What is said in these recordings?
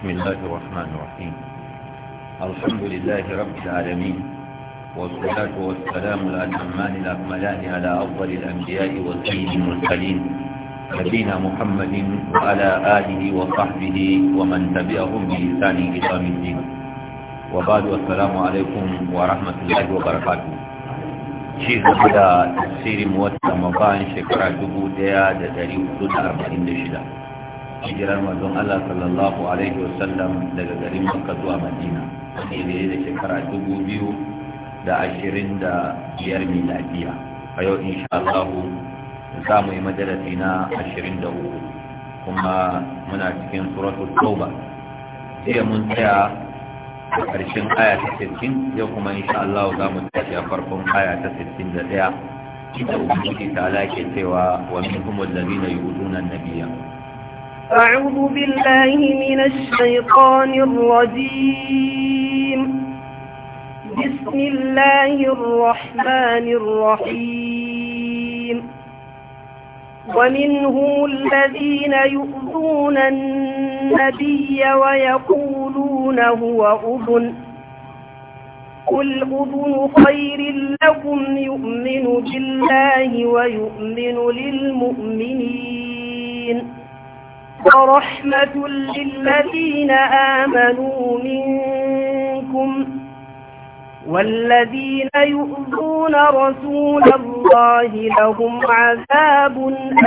بسم الله الرحمن الرحيم الحمد لله رب العالمين والصلاة والسلام الأتمان الأكملان على أفضل الأنبياء والسيد المرسلين نبينا محمد وعلى آله وصحبه ومن تبعهم بإحسان إلى يوم الدين وبعد السلام عليكم ورحمة الله وبركاته شيخ هذا تفسير موسى مبان شكرا جبوديا دتاريخ 46 hijirar mazun Allah sallallahu alaihi wasallam daga garin Makka zuwa Madina wani da shekara dubu biyu da ashirin da biyar miladiya a yau insha Allah za mu yi madarasi na ashirin da uku kuma muna cikin suratul tauba jiya mun tsaya a ƙarshen aya ta sittin yau kuma insha Allah za mu tashi a farkon aya ta sittin da ɗaya inda ubangiji ta ala ke cewa wa minhum allazina yu'duna an أعوذ بالله من الشيطان الرجيم بسم الله الرحمن الرحيم ومنهم الذين يؤذون النبي ويقولون هو أذن قل أذن خير لكم يؤمن بالله ويؤمن للمؤمنين ورحمة للذين آمنوا منكم والذين يؤذون رسول الله لهم عذاب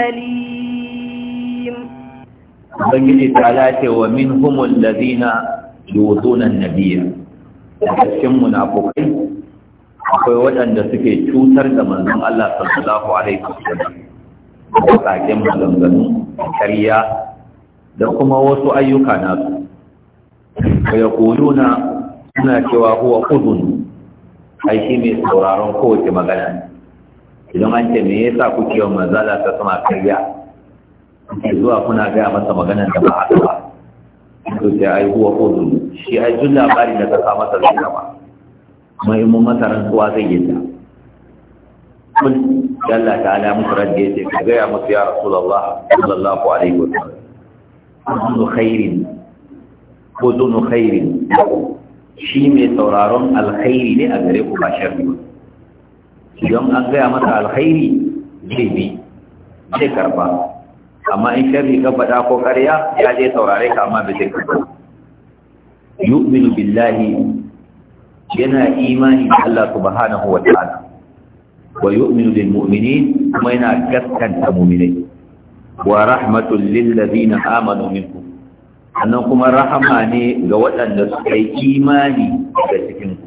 أليم فقال تعالى ومنهم الذين يؤذون النبي لكشم منافقين akwai waɗanda suke cutar da manzon Allah sallallahu alaihi wasallam da kake maganganu karya da kuma wasu ayyuka nasu wa na suna cewa huwa kudun aiki mai sauraron kowace magana idan an ce me yasa kuke yawan mazala ta sama karya kuke zuwa kuna gaya masa maganar da ba haka ba to sai ai huwa kudun shi ai duk labarin da ka sa masa zai kama kuma in mun masa rantsuwa zai yi ta kun Allah ta'ala musu radde ya ce ka gaya musu ya Rasulullah sallallahu alaihi wasallam uzunu khairin shi mai sauraron alkhairi ne a gare ku ba sharri ba idan an gaya masa alkhairi zai bi zai karba amma in sharri ka faɗa ko karya, ya je saurare ka amma bai zai karba yu'minu billahi yana imani da Allah subhanahu wa ta'ala wa yu'minu bil mu'minin kuma yana gaskanta mu'minai wa rahmatul lil ladina amanu minku. annan kuma rahama ne ga waɗanda suka yi imani da cikin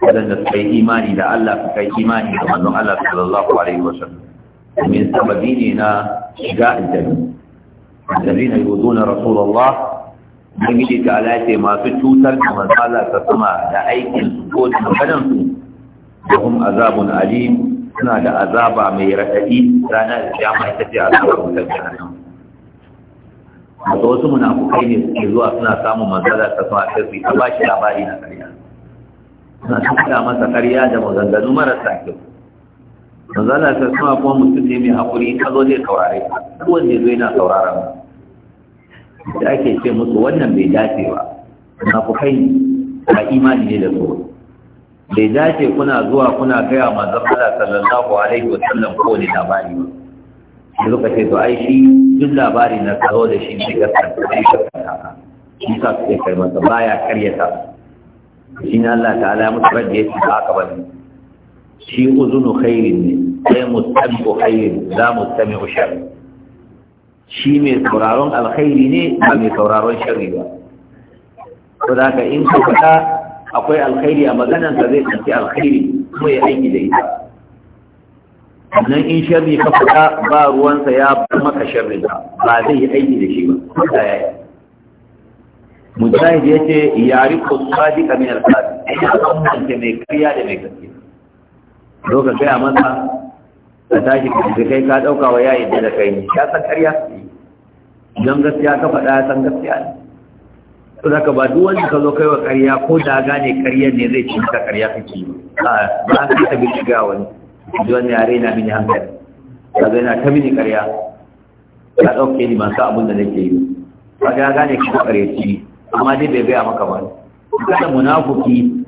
waɗanda suka yi imani da Allah suka yi imani da manzon Allah sallallahu alaihi wa wasallam min sababi ne na shiga aljanna alladhina yuzuna rasulullah dan gidi ta Allah ce masu cutar da manzon Allah ta sama da aikin su ko da maganar su da hum azabun alim suna da azaba mai raɗaɗi ranar mai ita ce azabar wutar jahannam Masu wasu munafukai ne suke zuwa suna samun manzala ta sama sai su ta ba shi labari na karya suna tuka masa karya da maganganu marasa kyau manzala ta sama kuma mutum ne mai haƙuri ka zo zai saurare ka duk wanda ya zo yana saurara mu da ake ce musu wannan bai dace ba munafukai ba imani ne da tsoro ya ce kuna zuwa kuna gaya manzon Allah sallallahu alaihi wa sallam ko ne labari ba sai suka ce to ai shi duk labari na kawo da shi shi gaskata shi gaskata shi sa ce kai masa baya karyata shi ne Allah ta'ala ya mutu rajje shi ba ka bane shi uzunu khairin ne sai mutabbu khairin la mustami'u shar shi mai sauraron alkhairi ne ba mai sauraron sharri ba to da in ka faɗa akwai alkhairi a maganarsa zai tsanci alkhairi kuma ya aiki da ita nan in sharri ka fita ba ruwansa ya bar maka sharri ba ba zai yi aiki da shi ba kuma ya yi mujahid ya ce yari ko sadi ka min alkhairi ina kamanta mai karya da mai gaske zo ka a masa ka tashi da kai ka ɗauka wa yayin da kai ne ya san karya don gaskiya ka faɗa ya san gaskiya ne to zaka ba duk wanda ka zo kai wa ƙarya ko da gane ƙaryar ne zai ci ka ƙarya kake yi a ba ka ta bi shiga wani wani yare raina mini hankali ka zai yana ta mini ƙarya ka ɗauke ni masu abin da nake yi ba ga gane ki ko ƙarya ci amma dai bai gaya maka ba kada munafuki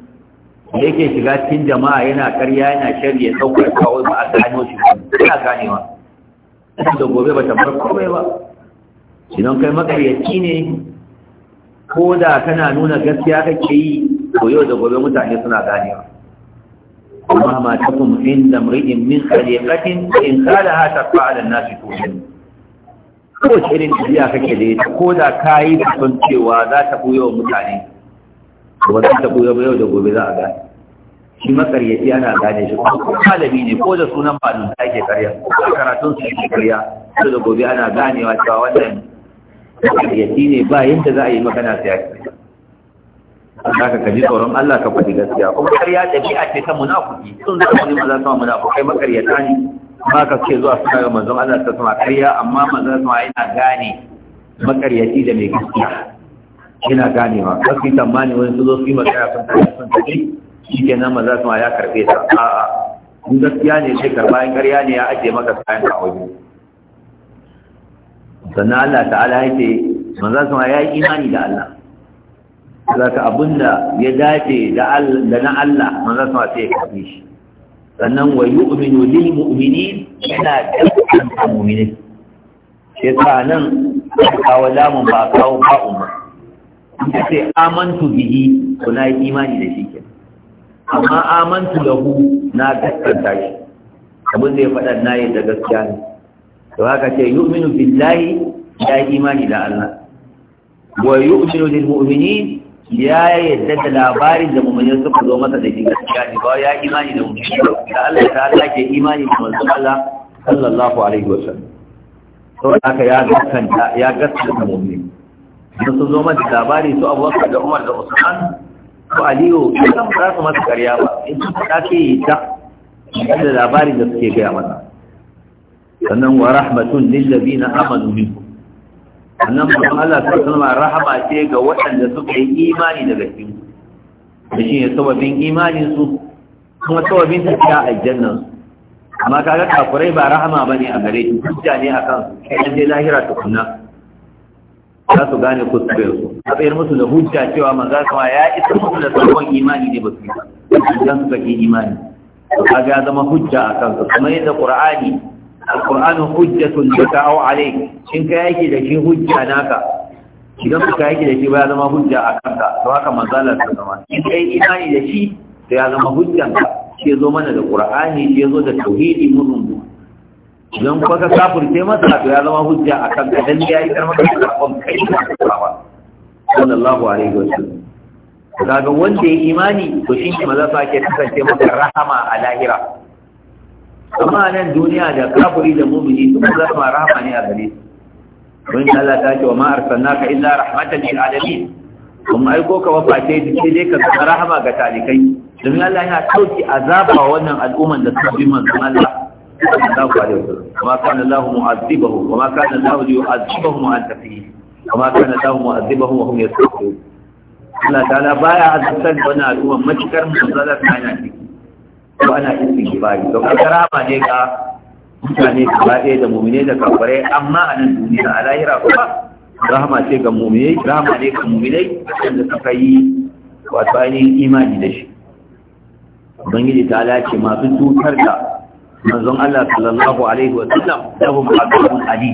da yake shiga cikin jama'a yana ƙarya yana sharri ya ya kawo ba a gano shi ba ina ganewa da gobe ba ta bar komai ba sinon kai makaryaci ne ko da kana nuna gaskiya kake yi to yau da gobe mutane suna ganewa amma ma ta kuma in da mri'in min khaliqatin in kala ha taqwa ala nasi tuhin ko irin jiya kake da ita ko da kayi sun cewa za ta buyo wa mutane ba za ta buyo yau da gobe za a ga? shi makaryaci ana gane shi ko malami ne ko da sunan malum da ake karya karatun su ne karya yau da gobe ana ganewa cewa wannan makaryaci ne ba yadda za a yi magana sai ake za ka kaji tsoron Allah ka faɗi gaskiya kuma ƙarya ɗabi'a ce ta munafuki sun zama wani maza sama munafukai makaryata ne ba ka ce zuwa suna ga manzon Allah ta sama ƙarya amma maza sama yana gane makaryaci da mai gaskiya yana ganewa ba su yi tsammani wani su zo su yi magana sun tafi sun tafi shi ke nan maza sama ya karɓe ta a'a in gaskiya ne sai karɓa in ƙarya ne ya ajiye maka kayan ka a wajen sannan Allah ta'ala ya ce manzan sama ya yi imani da Allah zaka abinda ya dace da na Allah manzan sama sai ya kafi shi sannan wa yu'minu lil mu'minin yana dukkan mu'minai sai ta nan kawo damun ba kawo ba umma ya ce amantu bihi ko na yi imani da shi ke amma amantu lahu na gaskanta shi abin da ya faɗa na yi da gaskiya ne to haka ce yu'minu billahi ya yi imani da Allah wa yu'minu lil mu'minin ya yadda da labarin da mu'minin suka zo masa da shi gaskiya ne ba ya imani da mu'minin da Allah ta Allah ke imani da manzon Allah sallallahu alaihi wasallam to haka ya gaskanta ya gaskanta mu'min da su zo masa labari su Abubakar da Umar da Usman ko Aliyu kan ba su masa ƙarya ba in su ta ce ta da labarin da suke gaya masa sannan wa rahmatun na amanu minkum sannan ba Allah ta sanar rahama ce ga waɗanda suka yi imani daga cikin ku shi ne sababin imanin su kuma sababin ta ta aljanna amma kaga kafirai ba rahama bane a gare su hujja ne akan su kai je lahira ta kunna. za su gane kuskuren su a tsayar musu da hujja cewa manzo kuma ya isa musu da sabon imani ne ba su yi idan suka yi imani to kaga ya zama hujja akan su kuma yadda qur'ani alqur'anu hujjatun laka aw alayk in kai yake da shi hujja ka idan ka yake da shi ba ya zama hujja a kanka to haka manzala ta zama in ka yi imani da shi to ya zama hujjanka ke zo mana da qur'ani shi zo da tauhidi mun idan kuma ka kafirce masa to ya zama hujja a kanka dan ya yi karmaka da kafin kai sallallahu alaihi wa wasallam kaga wanda ya yi imani to shi ne maza sa ke kasance maka rahama a lahira amma nan duniya da kafiri da mumini duk za su rahama ne a gare su don Allah ta ce wa ma arsalnaka illa rahmatan lil alamin kuma ko ka waface sai dai ka rahama ga talikai domin Allah yana sauki azaba wannan al'umman da suka bi manzon Allah sallallahu alaihi wasallam kuma kana Allah mu'azzibahum kuma kana Allah yu'azzibahum wa anta fihi kuma kana Allah mu'azzibahum wa hum yastaghfirun Allah ta'ala baya azabtar wannan al'umma matukar manzon Allah ta yana ciki ko ana istighfari to ba ne ga mutane ba ɗaya da mumine da kakware. amma a nan duniya a lahira kuma rahama ce ga mumine rahama ne ga mumine wanda suka yi wato ainihin imani da shi ubangiji ta lace masu cutar da manzon Allah sallallahu alaihi wa sallam lahum azabun adi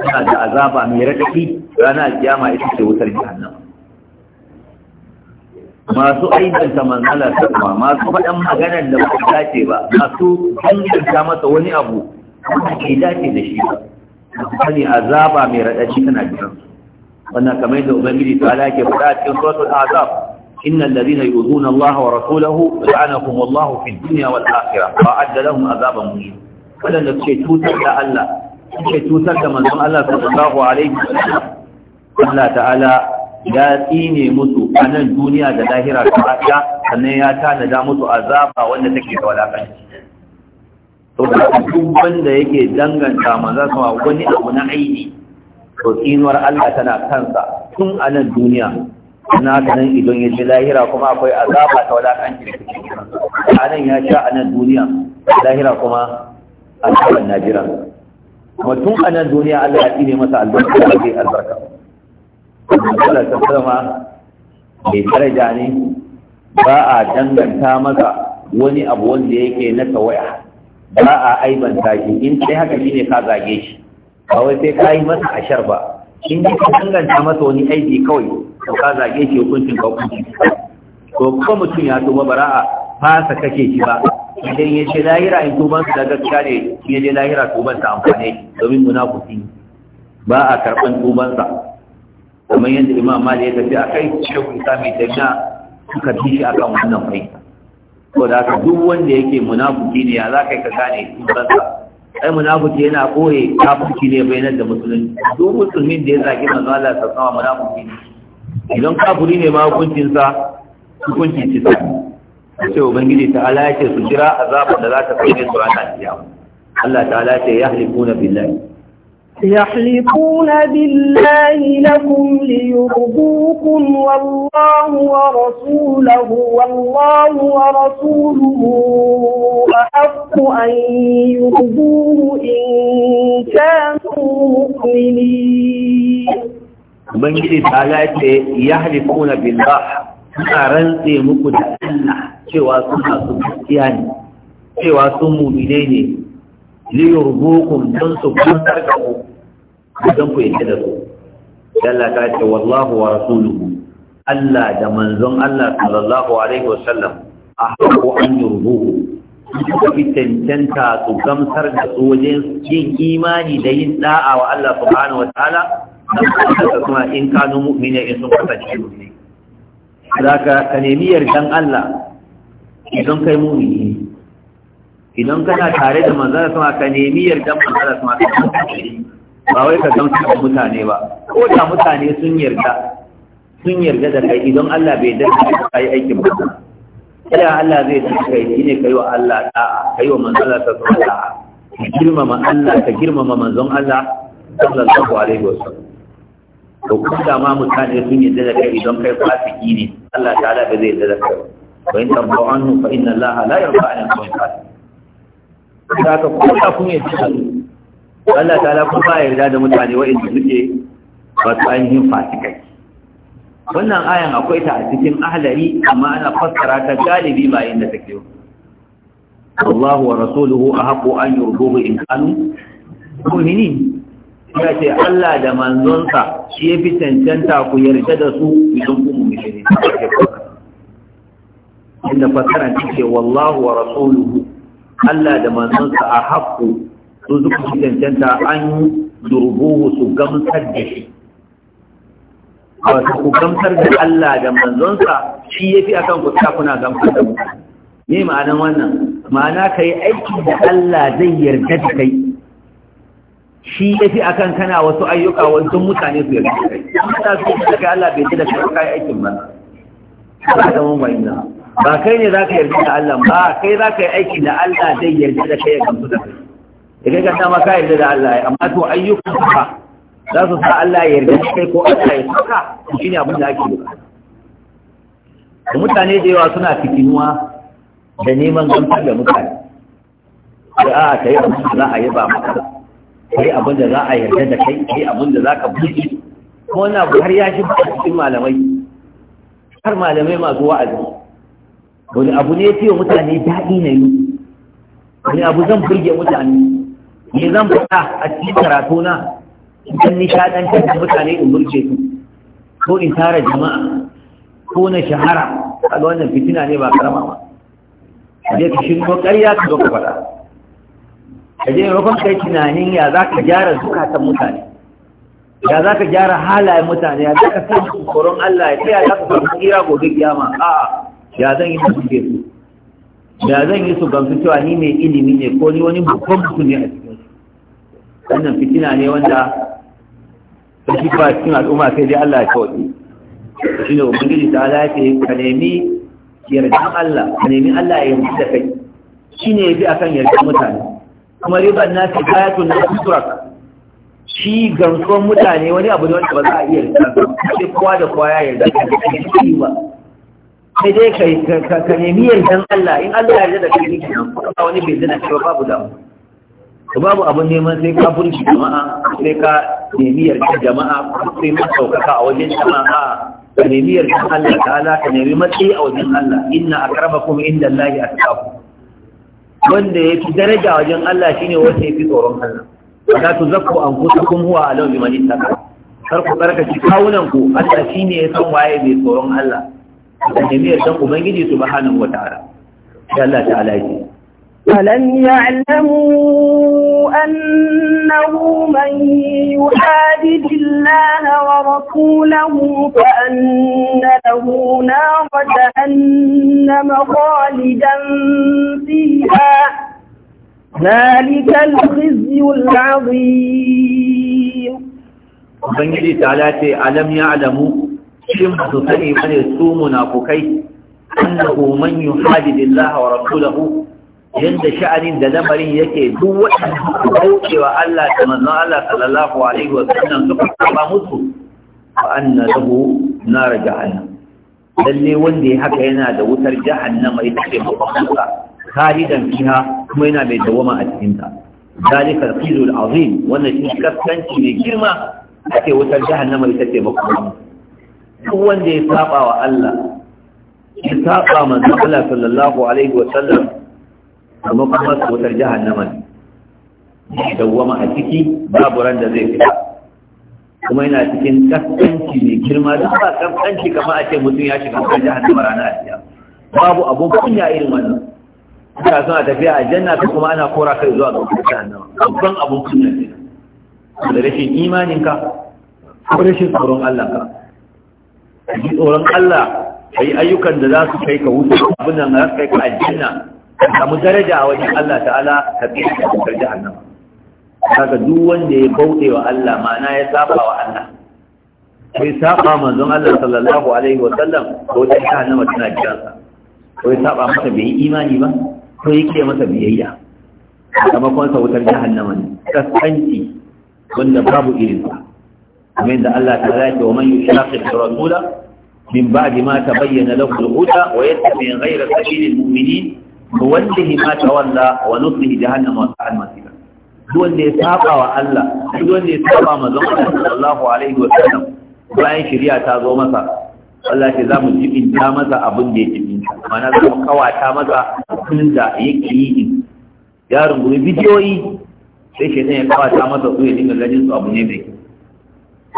suna da azaba mai raɗaɗi rana kiyama ita ce wutar jahannama masu aibanta manzala kuma masu faɗan maganar da ba dace ba masu hanyarta masa wani abu wanda ke dace da shi ba ne azaba mai raɗaci tana jiran wannan kamar da ubangiji ta ala ke faɗa cikin suratul azab innal ladina yu'zuna Allah wa rasulahu la'anahum Allah fi dunya wal akhirah wa adda lahum azaban muhin wadanda suke tutar da Allah suke tutar da manzon Allah sallallahu alaihi wasallam Allah ta'ala ya tsine musu a nan duniya da lahira ta haka sannan ya tanada musu azaba wanda take da wadatar to da duk wanda yake danganta manzo sama wani abu na aini to tsinuwar Allah tana kansa tun a nan duniya na ka nan idon ya ce lahira kuma akwai azaba ta wadatanci da take a nan ya sha a nan duniya lahira kuma cikin najira kuma tun a nan duniya Allah ya tsine masa albarka da albarka Allah ta sama mai daraja ne ba a danganta masa wani abu wanda yake na tawaya ba a aibanta shi in sai haka shine ka zage shi ba wai sai ka yi masa ashar ba in ka danganta masa wani aiki kawai to ka zage shi hukuncin ka hukunci to kuma mutum ya tuba bara'a fasa kake shi ba idan ya ce lahira in tuban su da gaskiya ne ya je lahira tuban sa amfane domin munafuki ba a karban tuban kamar yadda imam mali ya tafi a kai shekul sami tafiya suka bi shi akan wannan fahimta ko da haka duk wanda yake munafuki ne ya za ka yi ka gane sunansa ai munafuki yana koye kafuki ne bayanar da musulunci duk musulmin da ya zaki manzo Allah ta sama munafuki ne idan kafuri ne ma hukuncinsa hukuncin ci ta ce ubangiji ta ala ya ce su jira azaba da za ta kai su ranar kiyama Allah ta ala ya ce yahlifuna billahi يحلفون بالله لكم ليرضوكم والله ورسوله والله ورسوله أحق أن يرضوه إن كانوا مؤمنين Ubangiji ta ce ya halifuna billah suna rantse muku da Allah cewa suna su gaskiya ne, cewa sun mumine don su kwantar da ku don ku yadda da su Allah ta ce wallahu wa rasuluhu Allah da manzon Allah sallallahu alaihi wasallam a haƙo an yurbuhu suka fi tantanta su gamsar da su wajen yin imani da yin da'a wa Allah subhanahu wa ta'ala da kuma in kanu mu'mina in sun kasance mu'mini zaka ka nemi yardan Allah idan kai mu'mini idan kana tare da manzon Allah ka nemi yardan manzon Allah ka kasance ba wai ka gamsu da mutane ba ko da mutane sun yarda sun yarda da kai idan Allah bai yarda da kai aikin ba kada Allah zai yarda kai shine kai wa Allah da'a kai wa manzon Allah sallallahu alaihi Ka girmama Allah ka girmama manzon Allah sallallahu alaihi wasallam to kuma ma mutane sun yarda da kai idan kai fasiki ne Allah ta'ala bai zai yarda da kai wa in tabu anhu fa inna Allah la yarda an yakun fasik saka ko da kun yarda Allah ta kuma ya yarda da mutane waɗanda suke wasu ainihin fasikai wannan ayan akwai ta a cikin ahlari amma ana fassara ta galibi ba inda take yau Allah wa rasuluhu a haƙo an yurduhu in kanu mu'minin ya ce Allah da manzonsa shi ya fi cancanta ku yarda da su idan ku mu'mini inda fassara ce, wallahu wa rasuluhu Allah da manzonsa a haƙo. su suka fi cancanta an durbuhu su gamsar da shi wata ku gamsar da Allah da manzonsa shi ya fi akan ku ta kuna gamsar da mutane ne ma'anan wannan ma'ana ka yi aiki da Allah zai yarda da kai shi ya fi akan kana wasu ayyuka wasu mutane su yarda da kai mutane su yi da kai Allah bai ji da kai yi aikin ba ba ta mun bayyana ba kai ne za ka yarda da Allah ba kai za ka yi aiki da Allah zai yarda da kai ya gamsu da kai da kai ka ma ka yarda da Allah ya amma to ayyukan ka za su sa Allah ya yarda da kai ko Allah ya saka ne abin da ake bukata mutane da yawa suna fitinuwa da neman gamsar da mutane da a ta yi abin da za a yi ba maka ta yi abin da za a yarda da kai ta yi abin da za ka buɗe ko na abu har ya shi ba cikin malamai har malamai masu wa'azi wani abu ne ya ce wa mutane daɗi na yi wani abu zan burge mutane me zan faɗa a cikin karatu na dan nishadantar da mutane in burge su ko in tara jama'a ko na shahara a wannan fitina ne ba karama ba je ka shirko ƙarya ka zo ka faɗa ka je maimakon kai tunanin ya za ka gyara zukatan mutane ya za ka gyara halayen mutane ya za ka san tsoron Allah ya ce ya za ka samu kira gobe kiyama a'a ya zan yi su su ya zan yi su gamsu cewa ni mai ilimi ne ko ni wani babban mutum ne a cikin wannan fitina ne wanda ta shi ba cikin al'umma sai dai Allah ya kawai shi ne ubangiji ta ala ce ka nemi yardan Allah ka nemi Allah ya yi da kai shi ne bi akan yardan mutane kuma riban nasi ayatun na turak shi gamsuwan mutane wani abu ne wanda ba za a iya yarda sai kowa da kowa ya yarda da kai ba sai dai ka nemi yardan Allah in Allah ya yarda da kai ne wani bai zina cewa babu damu to babu abin neman sai ka burki jama'a sai ka nemi yarda jama'a sai ma saukaka a wajen jama'a ka nemi yarda Allah ta'ala ka nemi matsayi a wajen Allah inna akrabakum inda Allah ya tsaku wanda ya fi daraja wajen Allah shine wanda ya fi tsoron Allah wala tuzakku anfusakum huwa alau bi man ittaqa kar ku tsarkake kawunan ku Allah shine ya san waye mai tsoron Allah ka nemi yarda ubangiji subhanahu wataala sai Allah ta'ala ya ألم يعلموا أنه من يحادد الله ورسوله فأن له نار جهنم خالدا فيها ذلك الخزي العظيم Ubangiji ta ce, Alam ya alamu, shin ba su sani bane su munafukai, annahu man yuhadidillaha wa rasulahu yadda sha'anin da lamarin yake duk waɗanda wa Allah da manzon Allah sallallahu alaihi wa sallam suka saba musu fa anna lahu nar jahannam lalle wanda ya haka yana da wutar jahannama ita ce mafakarsa khalidan fiha kuma yana mai dawama a cikin ta zalika al-khizul azim wannan shi kaskanci mai girma ake wutar jahannama ita ce mafakarsa duk wanda ya saba wa Allah ya saba manzon Allah sallallahu alaihi wa sallam amma kuma su wutar jahannama ne dawwama a ciki babu ran da zai fita kuma yana cikin kaskanci mai girma da ba kaskanci kamar a ce mutum ya shiga wutar nama rana a siya babu abun kunya irin wannan ina suna a tafiya a janna ta kuma ana kora kai zuwa ga wutar nama. babban abun kunya ne da rashin imaninka ko rashin tsoron Allah ka ji tsoron Allah kai ayyukan da za su kai ka wuce abin nan za su kai ka aljanna ka samu daraja a wajen Allah ta'ala ka tsira da cutar jahannama kaga duk wanda ya bauɗe wa Allah ma'ana ya saba wa Allah sai saba manzon Allah sallallahu alaihi wa sallam ko ta jahannama tana jiransa ko ya saba masa bai yi imani ba ko yake masa biyayya sakamakon sa wutar jahannama ne kaskanci wanda babu irin sa kamar yadda Allah ta ce wa man yushaqiq rasula min ba'di ma tabayyana lahu al-huda wa yattabi ghayra sabilil mu'minin wallahi ma walla wa nuslihi jahannam wa sa'al masira duk wanda ya saba wa Allah duk wanda ya saba manzon Allah sallallahu alaihi wa sallam bayan shari'a ta zo masa Allah ce za mu ta masa abin da ya jibin mana zamu kawata masa tun da yake yi din ya rungumi bidiyoyi sai shi ya kawata masa su ya dinga ganin su abu ne mai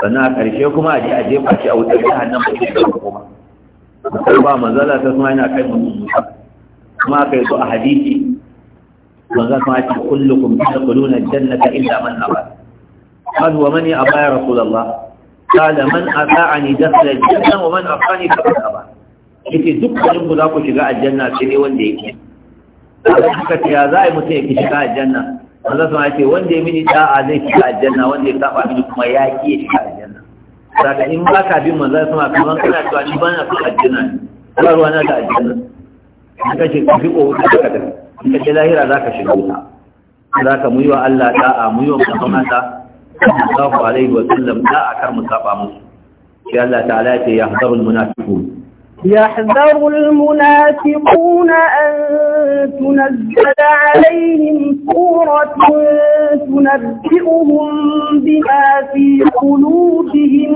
sannan a ƙarshe kuma a je a jefa shi a wutar jahannam ba ke da kuma ba manzala ta suna yana kai mutum mutum kuma aka yi su a hadisi manzo kuma ce kullukum tadkhuluna janna ka illa man aba qal wa man aba ya rasulullah qala man ata'ani dakhala al-janna wa man afani faqad aba yace dukkanin ku za ku shiga aljanna sai ne wanda ya a haka ce ya za a yi mutum ya ki shiga aljanna manzo kuma ce wanda ya mini da'a zai shiga aljanna wanda ya saba mini kuma ya ki ya shiga aljanna saka in ba ka bin manzo kuma kaman kana cewa ni ba na son aljanna ne ba ruwa na da aljanna in ka shiga riko wuta ka tafi in ka lahira za ka shiga wuta za ka muyi wa Allah da'a muyi wa musammanata sallallahu alaihi wa sallam da'a kar mu saba musu sai Allah ta'ala ce ya hadarul munafiqun يحذر المنافقون أن تنزل عليهم سورة تنبئهم بما في قلوبهم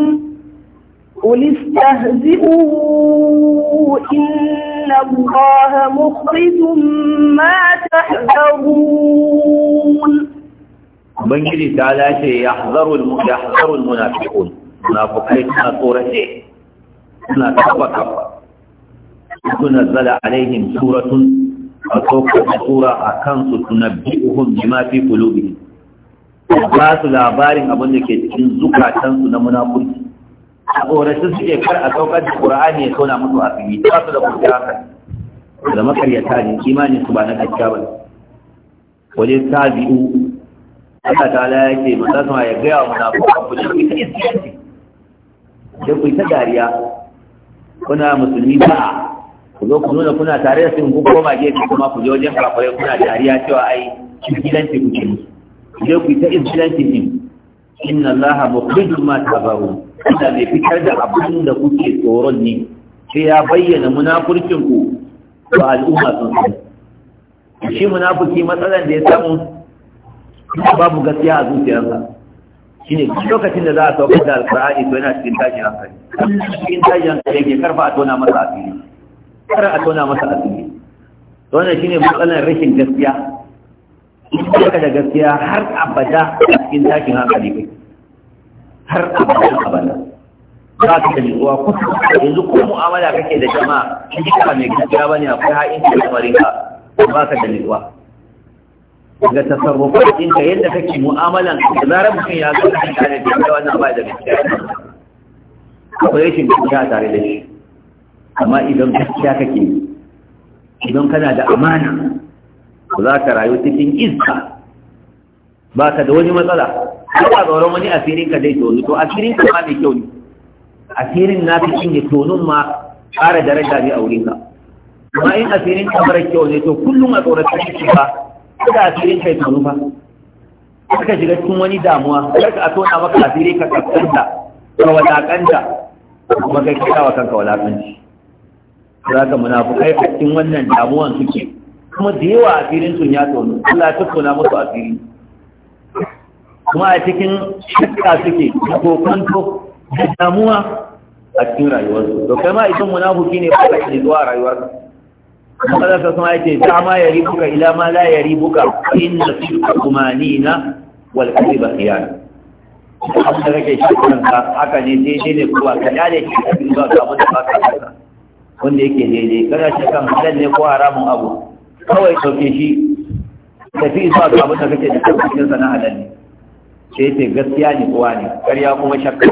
قل استهزئوا إن الله مخرج ما تحذرون Ubangiji ta lashe ya hazarul munafiqun munafiqai suna tsorace suna kafa kafa suna zala alaihim suratun a tsokaci tura a kansu tunabbi'uhum bima fi qulubihim ba su labarin abin da ke cikin zukatansu na munafurci a tsorashi suke kar a saukar da ƙura'ani ya sauna musu a fili ta su da kurfi da makaryata ne imanin su ba na gaskiya ba wajen ta biyu Allah ta ala yake maza sama ya gaya wa munafukan ku da ku ta iskiyanci da ku ta dariya kuna musulmi ba ku zo ku nuna kuna tare da sun ku koma gefe kuma ku je wajen kafirai kuna dariya cewa ai iskiyanci ku ce ku je ku ta iskiyanci din inna allaha mukhrijum ma tabarun Allah mai fitar da abin da kuke tsoron ne sai ya bayyana munafurkin ku ba al'umma sun sai shi munafurci matsalar da ya samu babu gaskiya a zuciyarsa shi ne lokacin da za a saukar da alfahari to yana cikin tashin hankali cikin tashin hankali yake karfa a tona masa asiri kar a tona masa asiri to wannan shine matsalar rashin gaskiya in ka da gaskiya har abada a cikin tashin hankali kai har abadan abada, za ka tabi uwa kusa yanzu ko mu'amala kake da jama'a in ji ka mai gaskiya bane akwai ha'in da marinka, ka ba ka da nutsuwa daga da ɗinka yadda kake mu'amalan da zarar mutum ya zo cikin tare da yawa na ba da gaskiya akwai rashin gaskiya tare da shi amma idan gaskiya kake idan kana da amana za ka rayu cikin iska ba ka da wani matsala ko ba tsoron wani asirin ka zai tonu to asirin ka ma mai kyau ne asirin na fi kin ya tonun ma ƙara daraja ne a wurin ka amma in asirin ka mara kyau ne to kullum a tsoron ka shi ba kada asirin ka tonu ba ka shiga cikin wani damuwa kar ka tona maka asiri ka kaskanta ka wadakanta kuma kai kira wa kanka wadakanci za ka munafukai a cikin wannan damuwan suke kuma da yawa asirin sun ya tonu, Allah ya tattauna musu asiri kuma a cikin shakka suke ko kwanto da damuwa a cikin rayuwarsu to kai ma idan munafiki ne ba ka zuwa ka kuma da kuma yace da ma ya ribuka ila ma la ya ribuka inna sidqa tumanina wal kadhiba khiyana abin da kake shakkan ka haka ne daidai ne kuwa ka dade shi ka ba ka abin da ka ka wanda yake daidai kana shakkan halal ne ko haramun abu kawai sauke shi tafi zuwa ga abin da kake da kake sana'a halal sai ce gaskiya ne tsuwa ne ƙarya kuma shakka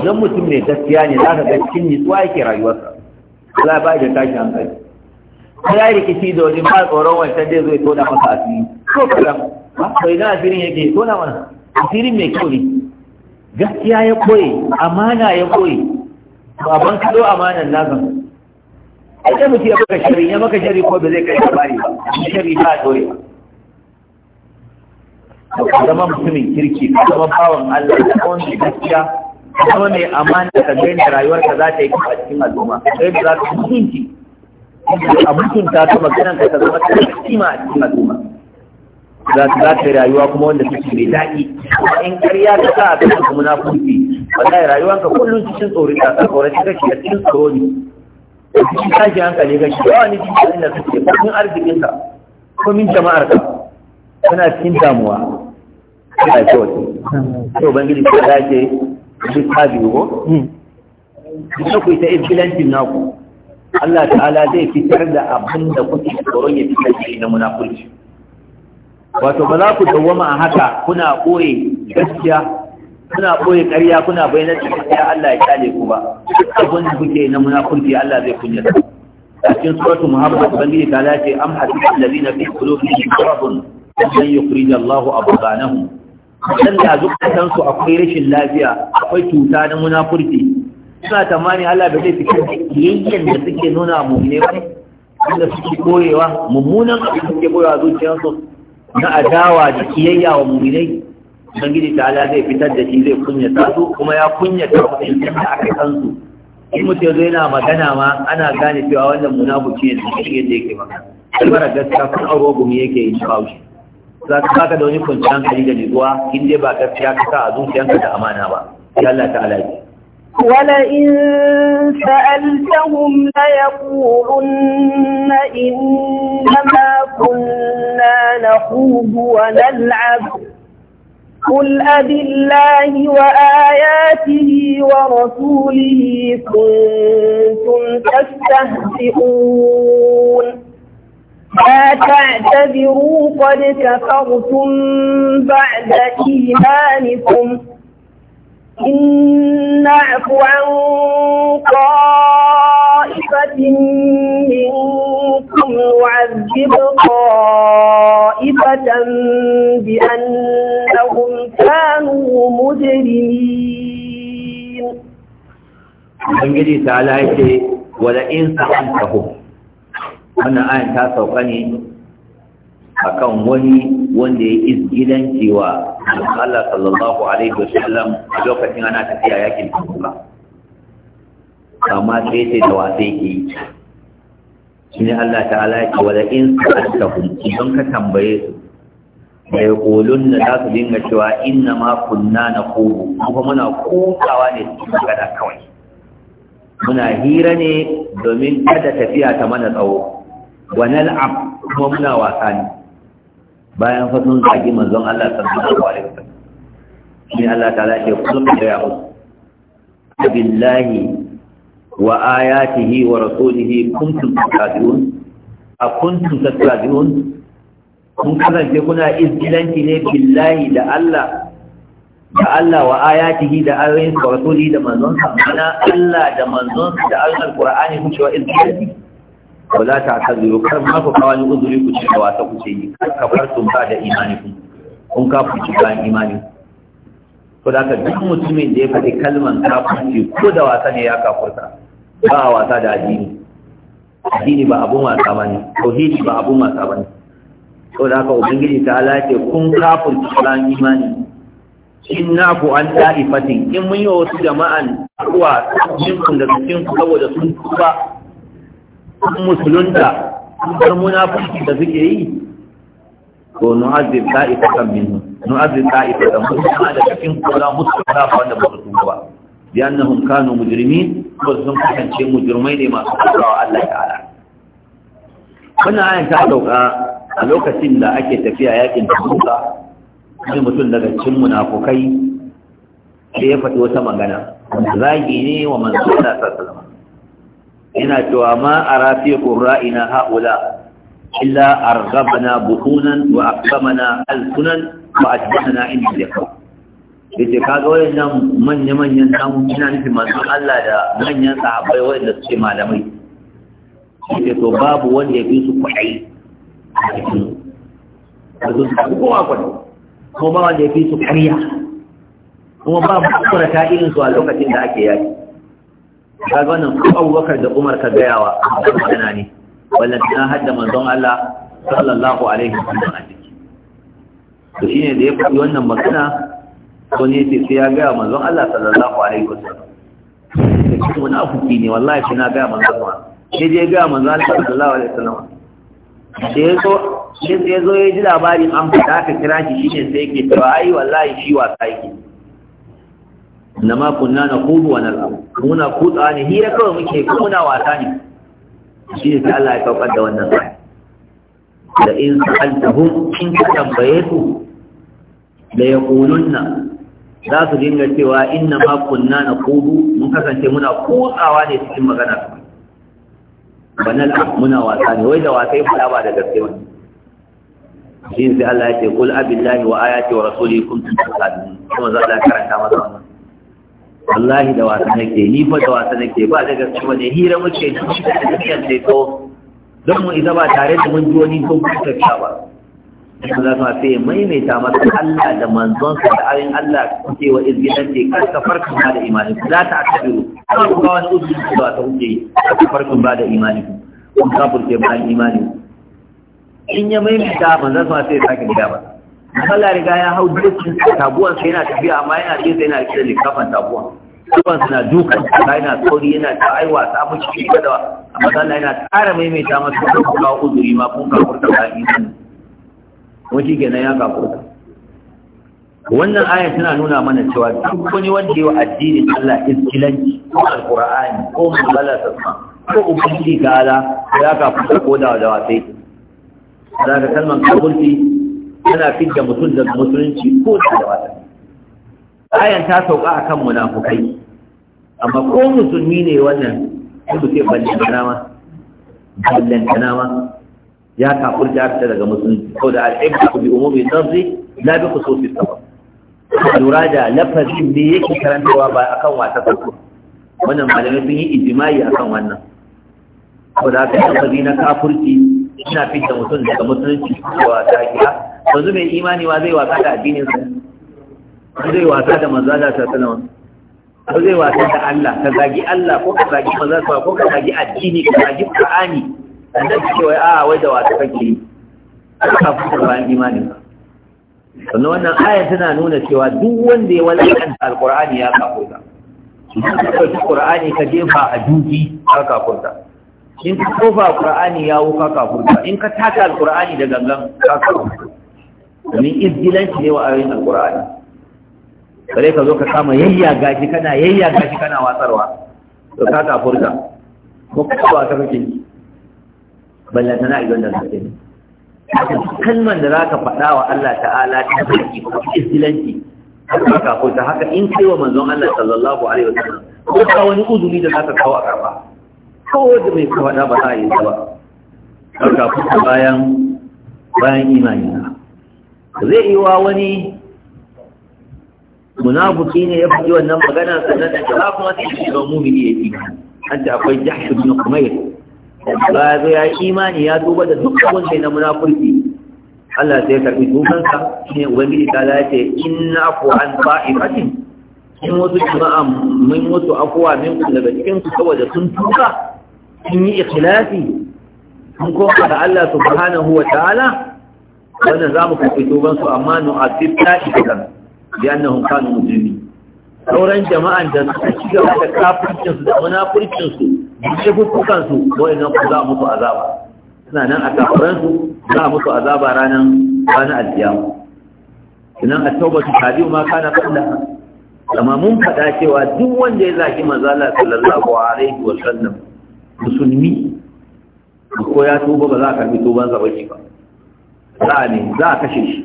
idan mutum ne gaskiya ne za ka ga cikin tsuwa yake rayuwarsa Allah ba da tashi hankali sai ya rikici da wani ba tsoron wancan zai zo ya tona masa asiri ko kalam ba to idan asirin yake tona mana asirin mai kyau ne gaskiya ya koyi amana ya koyi ba ban kado amanan nasa ai da mutum ya maka shari ya maka shari ko ba zai kai labari ba shari ba dore ba ka zama mutumin kirki ka zama bawan Allah ka zama mai gaskiya ka zama mai amana ka ga yadda ka za ta yi a cikin al'umma sai da za ka mutunci a mutunta ta maganar ka ta zama ta kima a cikin al'umma za ta yi rayuwa kuma wanda suke mai daɗi in ƙarya ta sa a kan kuma na kunfi rayuwa ka kullum cikin tsoron ka tsoron ta kashi a cikin tsoro ne a cikin tashi hankali kashi yawa ne cikin da suke cikin arzikinka ko min ka kana cikin damuwa Allah ya wace to bangiji ko da ke duk ta biyu ko duk hmm. ku ta ibilancin naku Allah ta'ala zai fitar da abin da kuke tsoron ya fitar da na munafurci wato ba za ku dawwama a haka kuna ɓoye gaskiya kuna ɓoye ƙarya kuna bayyana da gaskiya Allah ya kyale ku ba duk abin da kuke na munafurci Allah zai kunya ku cikin suratul muhammad ubangiji ta ce am hasibu alladhina fi qulubihim maradun an yukhrij Allahu abdanahum waɗanda a su akwai rashin lafiya akwai cuta na munafurci suna tamani Allah bai zai fitar da kiyayyen da suke nuna mummune ba inda suke koyewa mummunan abin da suke koyewa zuciyarsu na adawa da kiyayya wa mummunai ubangiji ta ala zai fitar da shi zai kunyata su kuma ya kunyata kuɗin da aka san su in mutum yanzu yana magana ma ana gane cewa wannan munafurci ne da shi yadda yake magana kalmar gaskiya kun aro gumi yake yin haushi za ka baka da wani kwanci kari da nutsuwa in dai ba gaskiya ka sa a zuciyanka da amana ba ya Allah ta alaji wala in sa'altahum la yaqulunna inna ma kunna nakhudu wa nal'ab قل أبالله وآياته ورسوله كنتم تستهزئون لا تعتذروا قد كفرتم بعد إيمانكم إن نعف عن طائفة منكم نعذب طائفة بأنهم كانوا مجرمين. أنجلي تعالى ولئن سألتهم wannan ayan ta sauka ne a kan wani wanda ya gidan cewa Allah sallallahu alaihi wasallam a lokacin ana tafiya yakin tabuka amma sai sai da wasai ke yi ne Allah ta'ala ya ce wa in sa'altahum idan ka tambaye su mai kolon da za su dinga cewa inna ma kunna na kogo kuma muna kokawa ne su gada kawai muna hira ne domin kada tafiya ta mana tsawo wa nal'ab kuma muna wasa ne bayan fa sun zagi manzon Allah sallallahu alaihi wasallam shi Allah ta'ala ce kullum da ya mutu billahi wa ayatihi wa rasulihi kuntum tastahzi'un a kuntum tastahzi'un kun kasance kuna izgilanci ne billahi da Allah da Allah wa ayatihi da ayoyin wa rasulihi da manzon sa mana Allah da manzon da Allah Qur'ani kun wa izgilanci ba za ta taziru kar ma ku kawo ni uzuri ku ce wa wasa ku ce yi kar ka far ba da imani ku kun ka ku ci bayan imani ko da ka duk mutumin da ya faɗi kalman ce ko da wasa ne ya kafurta ba a wasa da addini addini ba abun wasa ba ne tauhidi ba abun wasa ba ne ko da ka ubangiji ta alaƙe kun kafirci bayan imani in na ku an da'ifatin in mun yi wasu jama'an kuwa cikin kun da cikin saboda sun tuba an musulunta an bar munafiki da suke yi ko nu'azzib ta'ifatan minhum nu'azzib ta'ifatan minhum da cikin kula musulunta fa wanda ba su ba لأنهم كانوا مجرمين وزهم كان شيء مجرمين لما wa Allah Ta'ala. Kuna ayan ta dauka a lokacin da ake tafiya yakin tabuka sai mutum daga cikin munafukai sai ya fadi wata magana zagi ne wa manzo Allah sallallahu alaihi wasallam yana cewa ma ara fi qurra'ina haula illa arghabna buhunan wa a aqsamana alsunan wa ajbana inda liqa yace kaga wayannan manya-manyan namu ina nufin masu Allah da manyan sahabbai wayanda suke malamai yace to babu wanda ya fi su kuɗai a cikin su su kowa kwaɗi kuma ba wanda ya fi su ƙarya kuma ba ta irin su a lokacin da ake yaki Ka wannan ko Abubakar da Umar ka gayawa wannan magana ne wannan tana hadda manzon Allah sallallahu alaihi wasallam a ciki to shine da ya faɗi wannan magana ko ne ce sai ya gaya manzon Allah sallallahu alaihi wasallam to munafiki ne wallahi shi na gaya manzon Allah sai je gaya manzon Allah sallallahu alaihi wasallam sai yazo sai yazo ya ji labarin an faɗa ka kira shi shine sai yake cewa ai wallahi shi wasa yake na makon na na kudu wa nal'abu muna kutsawa ne hira kawai muke kuna wasa ne shi ne Allah ya saukar da wannan sai da in sa'altahum in ka tambaye su da ya kununna za su dinga cewa in na makon na kudu mun kasance muna kutsawa ne cikin magana banal muna wasa ne wai da wasai fada ba da gaske wani. shi sai Allah ya ce kul lahi wa ayati wa kun kuntum tasadun kuma za a karanta masa wannan wallahi da wasa nake ni fa da wasa nake ba da gaske ba ne hira muke shi da tafiyar sai to don mu isa ba tare da mun ji wani ko tafiya ba kuma za ka sai maimaita masa Allah da manzonsa da ayin Allah kuke wa izgidan ce kar ka farkun ba da imanin ku za ta akabiru kuma ku ga wani uzuri da ba kuke kar ka farkun ba da imanin ku kun kafurce bayan imanin in ya maimaita sa sai ya sake gida ba Allah riga ya hau dukkan tabuwan sai yana tafiya amma yana je sai yana rike da likafan tabuwan tabuwan suna dukan ta yana sauri yana ta aiwa ta mu ciki da amma Allah yana tsara maimaita masa da kuma uzuri ma kun kafurta ba idan wani kenan ya furta. wannan aya tana nuna mana cewa duk wani wanda wa addinin Allah iskilanci ko alqur'ani ko mallala sasma ko ubangiji ga ala ya furta ko da wadawa sai daga kalmar kabulti yana fidda mutum daga musulunci ko da wata ayan ta sauka a kan munafukai amma ko musulmi ne wannan sai mu ce ballantana ma ballantana ma ya kafur ya fita daga musulunci ko da ku bi umumi nazri na bi khususi sabab lura da lafazin ne yake karantawa ba akan wata sauko wannan malamai sun yi ijimai akan wannan ko da aka yi lafazi na kafurci ina fidda mutum daga musulunci zuwa ta gida yanzu mai imani ma zai wasa da addinin sa ko zai wasa da manzo Allah sallallahu alaihi wasallam zai wasa da Allah ka zagi Allah ko ka zagi manzo Allah ko ka zagi addini ka zagi Qur'ani dan da cewa a ah, wai da wasa kake yi ka fita bayan imani ba sannan wannan aya tana nuna cewa duk wanda ya walakanta alqur'ani ya kafurta idan ka ɗauki qur'ani ka jefa a duki ka kafurta in ka kofa alqur'ani ya wuka kafurta in ka taka alqur'ani da gangan ka kafurta domin izgilanci ne wa ayoyin alkur'ani bare ka zo ka kama yayya gashi kana yayya gashi kana watsarwa to ka furta ko ka ba ta kake balla tana idan da kake kalman da zaka faɗa wa Allah ta'ala ta saki ko izgilanci ka furta haka in kai wa manzon Allah sallallahu alaihi wasallam ko ka wani uzuri da zaka kawo a karba ko da mai faɗa ba za a yi ba ka furta bayan bayan imani na zai yi wa wani munafuki ne ya fi wannan magana sannan da ba kuma sai shi ba mumini ya yi hadda akwai jahsh ibn umayr ba zai ya imani ya tuba da duk abin da na munafurci. Allah sai ya karbi tubansa ne ubangiji ta in inna afu an ta'ifatin in wasu jama'a mun wasu afuwa min ku daga cikin ku saboda sun tuka sun yi ikhlasi sun koma da Allah subhanahu wa ta'ala wannan za mu karɓi tobansu amma nu a fita ikiran da annahun kanu musulmi sauran jama'an da suka ci gaba da kafircinsu da su, da hukukansu wani nan ku za a musu azaba suna nan a kafiransu za a musu azaba ranar ranar alkiyama sannan a taubatu tabi'u ma kana kalla amma mun faɗa cewa duk wanda ya zaki manzala sallallahu alaihi wa sallam musulmi ko ya tuba ba za a karɓi tuban ba ba za a ne za a kashe shi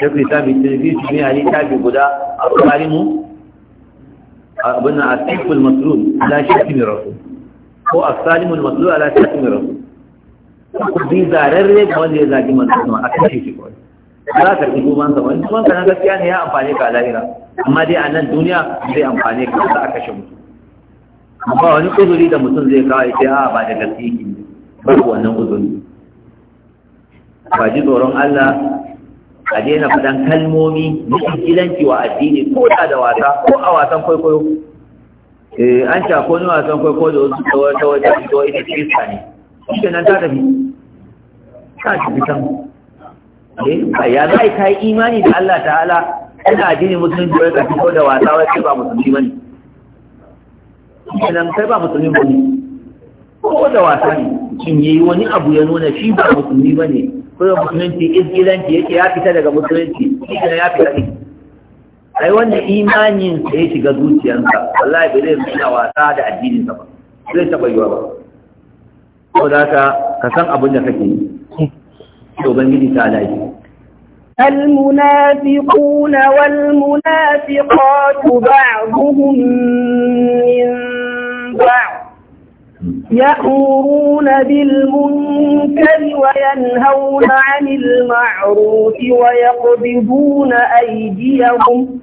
sami islami su ne a littafi guda a tsarimu abin a tsiful maslul ala shatimin rasu ko a da masu maslul ala shatimin rasul ku bi zararre ga wanda ya zagi manzo a kashe shi kawai za ka ɗi goma ga wani duban kanan na gaskiya ne ya amfani ka a lahira amma dai a nan duniya zai amfani ka za a kashe mutum amma wani uzuri da mutum zai kawai sai a ba da gaske ba wannan uzuri ba ji tsoron Allah a daina faɗan kalmomi na ilanci wa addini ko da da wasa ko a wasan kwaikwayo eh an ta ko ni wasan kwaikwayo da wasu wata wata fito ita kirista ne shi nan ta tafi ta tafi can eh, a ya za a yi imani da Allah ta'ala ina addini musulunci wai ka fito da wasa wai ce ba musulmi ne? kenan kai ba musulmi ne? ko da wasa ne shin yayi wani abu ya nuna shi ba musulmi bane kuma musulunci izgilanci yake ya fita daga musulunci ita ya fita ne ai wannan imanin sai ya shiga zuciyarsa wallahi bai zai nuna wasa da addinin ka ba zai taba yiwa ba da ka ka san abin da kake yi to ubangiji ta alaji المنافقون والمنافقات بعضهم من بعض يأمرون بالمنكر وينهون عن المعروف ويقبضون أيديهم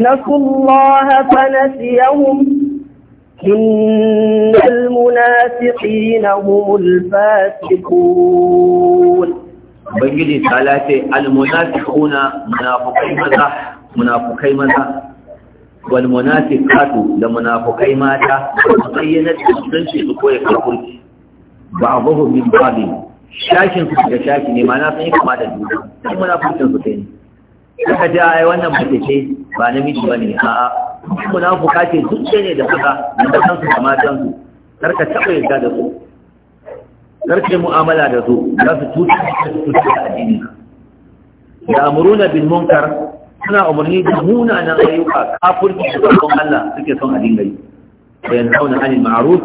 نسوا الله فنسيهم إن المنافقين هم الفاسقون بنجلي ثلاثة المنافقون منافقين مزح منافقين مزح wal munafiqatu da munafiqai mata su bayyana sun ce su koyi kafirci ba'dahu min ba'd shakin su da shaki ne ma'ana sun yi kama da juna sai munafiqin su kai ne kaga ji ai wannan mace ce ba namiji bane a'a munafiqa ce duk ne da kaza da kansu da matan su karka taba yarda da su karka mu'amala da su za su cuta su cuta addini ya amuruna bil munkar suna umarni da munanan ayyuka kafirci da sabon Allah suke son a dinga yi bayan hauna anil Ma'aruf,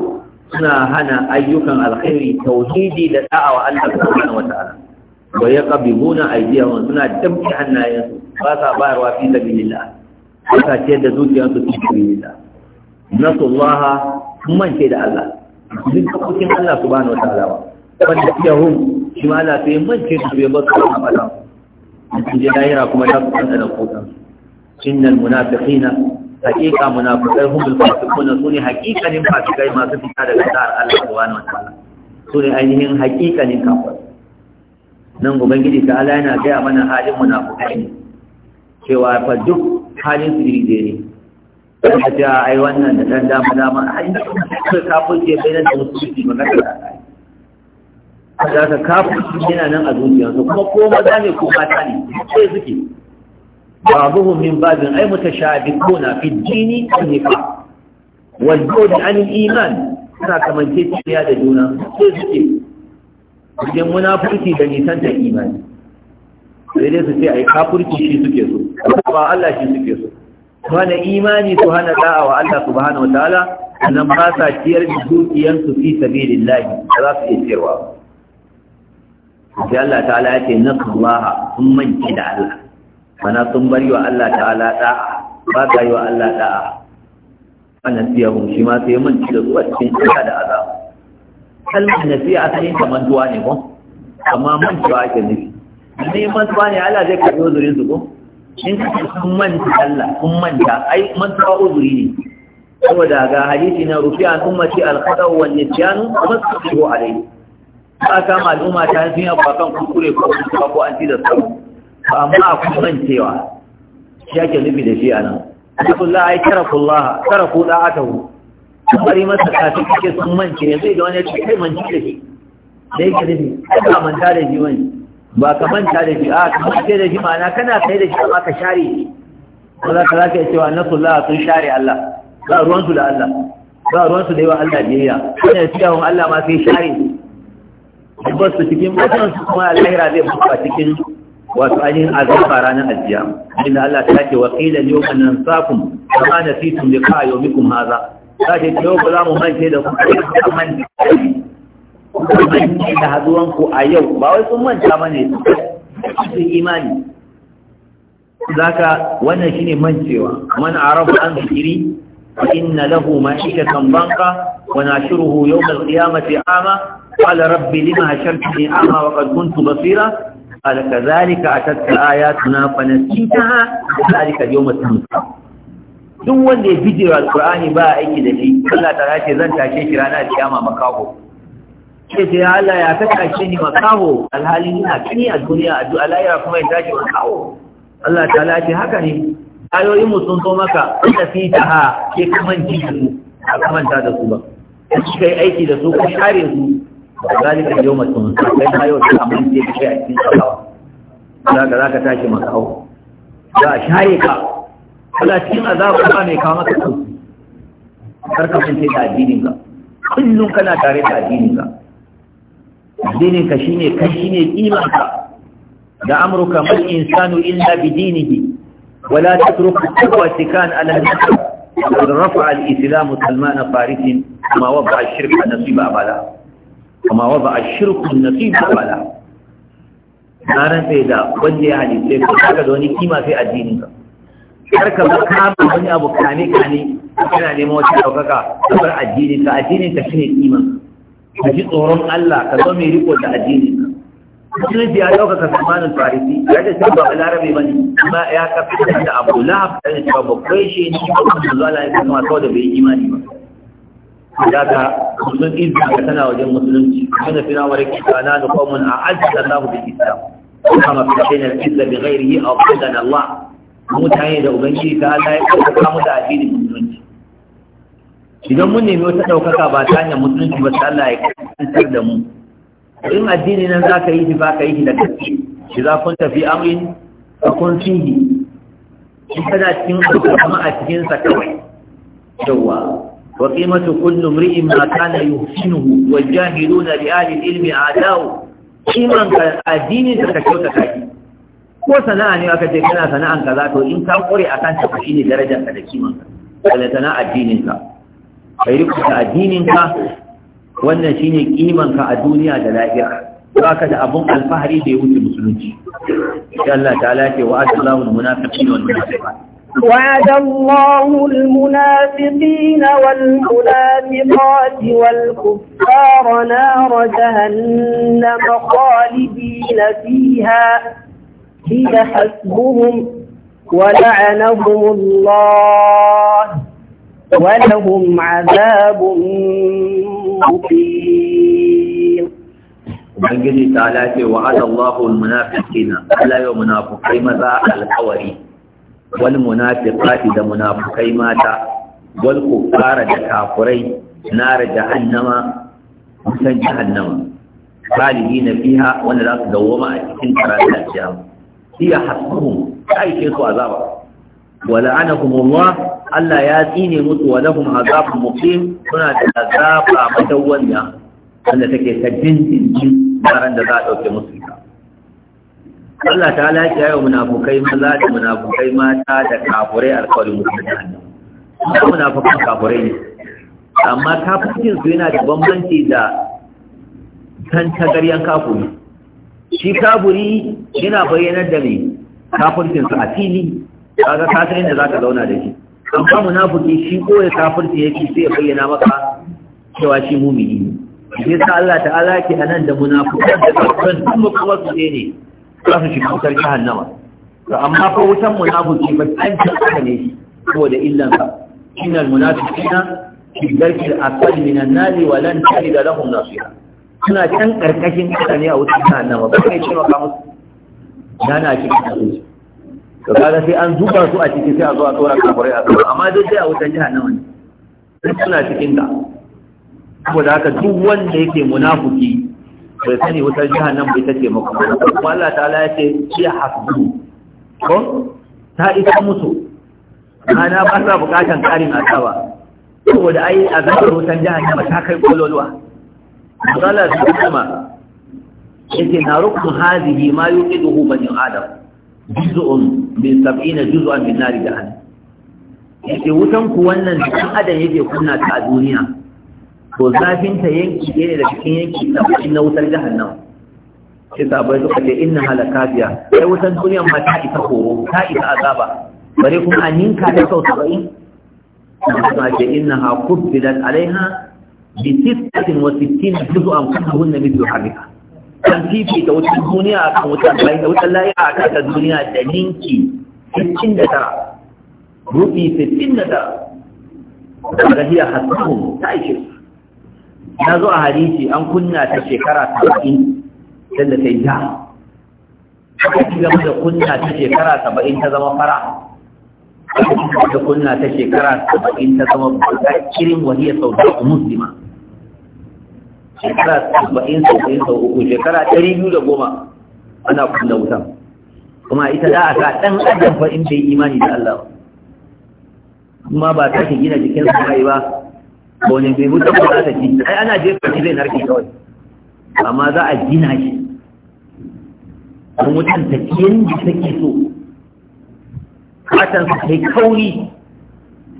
suna hana ayyukan alkhairi tauhidi da da'a wa Allah subhanahu wa ta'ala wa yaqbiduna aydiyahum suna dabbi hannayensu ba sa bayarwa fi sabilillah ba sa ciyar da zuciyarsu fi sabilillah nasullaha mance da Allah duk hakokin Allah subhanahu wa ta'ala wanda yahum shi ma Allah sai mance su bai ba su amana in je lahira kuma za su kanta da kotan innal munafiqina haqiqa munafiqai hum al fasiqun sune haqiqanin fasikai masu fita daga da'ar Allah subhanahu wa ta'ala sune ainihin haqiqanin kafir nan ubangiji ta Allah yana gaya mana halin munafiqai ne cewa fa duk halin su ne da ta ai wannan da dan dama dama ai kafin ce bayan da musulunci magana da ka kafin yana nan a zuciyarsu kuma ko maza ne ko mata ne sai suke babuhum min babin ay mutashabikuna fi dini wa nifaq wal bu'd an al iman suna kamance ciya da juna sai suke idan munafurci da nisan ta imani sai dai su ce ai kafurci shi suke so ba Allah shi suke so hana imani su hana da'a wa Allah subhanahu wa ta'ala nan ba sa ciyar da dukiyansu fi sabilillah ba za su iya ciyarwa ba sai Allah ta'ala ya ce na kallaha sun manke da Allah mana sun bari wa Allah ta'ala da'a ba ka yi wa Allah da'a wannan siya hun shi ma sai manci da zuwa cikin cika da azab kalmar nasiya asalin ta mantuwa ne ko amma mantuwa ake nufi ne mantuwa ne Allah zai karɓi uzurin su ko in ka sun manta Allah sun manta ai mantuwa uzuri ne saboda ga hadisi na rufi'a ummati al-khata wa nisyanu wa ko alayhi ba a ma al'umma ta sun yi akan kuskure ko kuskure ko an tilasta ba amma a cewa shi ake nufi da shi a nan Allah da aka hu kamar bari masa kafin kake sun mance yanzu idan wani ya ce kai mance da shi da yake nufi ka manta da shi man ba ka manta da shi a ka mance da shi ma'ana kana kai da shi amma ka share shi ko za ka za ka yi cewa nasullah sun share Allah ba ruwansu da Allah ba ruwansu da yawa Allah biyayya kana cewa Allah ma sai share ba su cikin mutum su kuma lahira zai buka cikin wasu ainihin azaba ranar ajiya inda Allah ta ce wa qila yawman nansakum kama ka liqa yawmikum haza ta ce yau ba za mu mance da ku a mance da haduwan ku a yau ba wai sun manta bane sun imani zaka wannan shine mancewa man arafa an zikiri فإن له معيشة ضنقا ونعشره يوم القيامة أعمى قال ربي لما هشرتني أعمى وقد كنت بصيرا قال كذلك أتتك آياتنا فنسيتها ذلك اليوم التمس duk wanda ya bijira alkur'ani ba a aiki da shi Allah ta ce zan tashe shi ranar kiyama makaho ce ce Allah ya ka tashe ni makaho alhali ina kini a duniya a lahira kuma ya tashi makaho Allah ta ce haka ne ayoyin mu sun zo maka inda fi ta ha ke kamanci da su a kamanta da su ba in suka yi aiki da su ko share su Ba da zalika yau mutum sai ma yau ta amince da kai a cikin sakawa za ka za ka tashi hau za a share ka kula cikin azabu ba mai kawo maka kansu kar ka mance da addinin ka kullum kana tare da addinin ka addinin ka shine kai shine kiman da amruka mal insanu illa bi dinihi ولا تترك واتكان على النسب وقد رفع الإسلام سلمان فارس كما وضع الشرك النصيب أبدا كما وضع الشرك النصيب أبدا نارا سيدا وجه أهل السيف وكاك دوني كما في الدين karka ba ka ba wani abu kane kane kana neman wata daukaka kamar addini ka addini ka shine kiman ka ji tsoron Allah ka zo mai riko da addini musulunci ya ɗaukaka zamanin farisi ya ce cewa ba larabe ba ne kuma ya kafa da abu lahab ya ce cewa babbai shi ne kuma zuwa la ya kama kawai da bai imani ba ya ka musulun izini ka tana wajen musulunci kuma da fina wari kisa na da kwamun a ajiyar allahu da kuma kama fi shi ne izza bi ghairihi a wajen allah mutane da ubangiji ta allah ya ɗaukaka mu da addinin musulunci idan mun nemi wata ɗaukaka ba ta hanyar musulunci ba ta allah ya kasance da mu in addini nan za ka yi shi ba ka yi shi da gaske shi za kun tafi amin ka kun fihi in kana cikin kuma a cikinsa kawai yawa wa qimatu kullu imri'in ma kana yuhsinuhu wal jahiluna li ahli al-ilmi a'da'u kiman ka addini da ka kyauta kai ko sana'a ne aka ce kana sana'an kaza to in ka a kan ta shine darajar ka da kiman ka da sana'a addinin ka kai riko addinin ka wannan shine kiman ka a duniya da lahira baka da abun alfahari da ya wuce musulunci insha Allah ta'ala ce wa adallahu almunafiqin wal munafiqat وعد الله المنافقين والمنافقات والكفار نار جهنم خالدين فيها هي حسبهم ولعنهم الله ولهم عذاب مبين ubangiji ta lafi wa adallahu almunafiqina ala yau munafiqai maza alqawari wal munafiqati da munafiqai mata wal kuffara da kafurai nar jahannama mutan jahannama khalidina fiha wanda za su dawwama a cikin tsarin lafiya hiya hasbuhum ta ishe su azaba wa la'anahum Allah Allah ya tsine musu wa lahum azabun muqim suna da azaba madawwanya wanda take ta a baran da za a dauke musu ita Allah ta halaki yau munafukai maza da munafukai mata da kafurai alkawarin mutum da munafukan kafurai ne. Amma kafin su yana da bambanci da kan tagaryan kafuri. Shi kafuri yana bayyanar da mai kafurkin su a fili, kaga kafirin da za ka zauna da shi. amma munafiki shi ko ya kafirce yake sai ya bayyana maka cewa shi mumini ne sai sa Allah ta'ala ke anan da munafikan da kafirin kuma kuma su ne za su shiga wutar jahannama to amma fa wutan munafiki ba an tsaka ne shi ko da illan sa innal munafiqina fi darki al-asfal min an-nar wa lan tajid lahum nasira suna can karkashin kasa ne a wutar jahannama ba kai cewa ka musu dana cikin su to kaga sai an zuba su a ciki sai a zo a tsora kafirai a tsoro amma duk dai a jiha jahannama ne duk suna cikin ta saboda haka duk wanda yake munafuki bai sani wutar bai ita ce ba kuma Allah ta'ala ya ce shi hasbu ko ta isa musu ana ba sa bukatan karin azaba saboda ai azabar wutar ba ta kai kololuwa Allah su kuma yake na rukun hazihi ma yuqiduhu bani adam juz'un min sab'ina juz'an min nari jahannam yake wutan ku wannan da adam yake kunna ta a duniya to zafin ta yanki ne da cikin yanki sab'in na wutar jahannan. sai sabai suka ce inna halakafiya sai wutan duniyan ma ta isa horo ta isa azaba bare kuma a ninka ta sau saba'in kuma ce inna ha kubbidat alaiha bi tis'atin wa sittin juz'an kullahunna mithlu harika an fifita wutar duniya a kan wutar da wutar layi a kan duniya da ninki 69 rufi 69 ga hiyar hasahun ta ishe na zo a hadisi an kunna ta shekara 70 sanda ta yi ja aka ci gaba da kunna ta shekara 70 ta zama fara aka ci gaba da kunna ta shekara 70 ta zama bukakirin wahiyar sau da muslima shekara saba'in saba'in sau uku shekara ɗari biyu da goma ana kunna wutan kuma ita za a sa ɗan adam fa in bai imani da Allah kuma ba ta ke gina jikin su kai ba ko ne bai mutum ba za ta ci ai ana ka shi zai narke kawai amma za a gina shi don wutan ta ci yadda take so fatan su kai kauri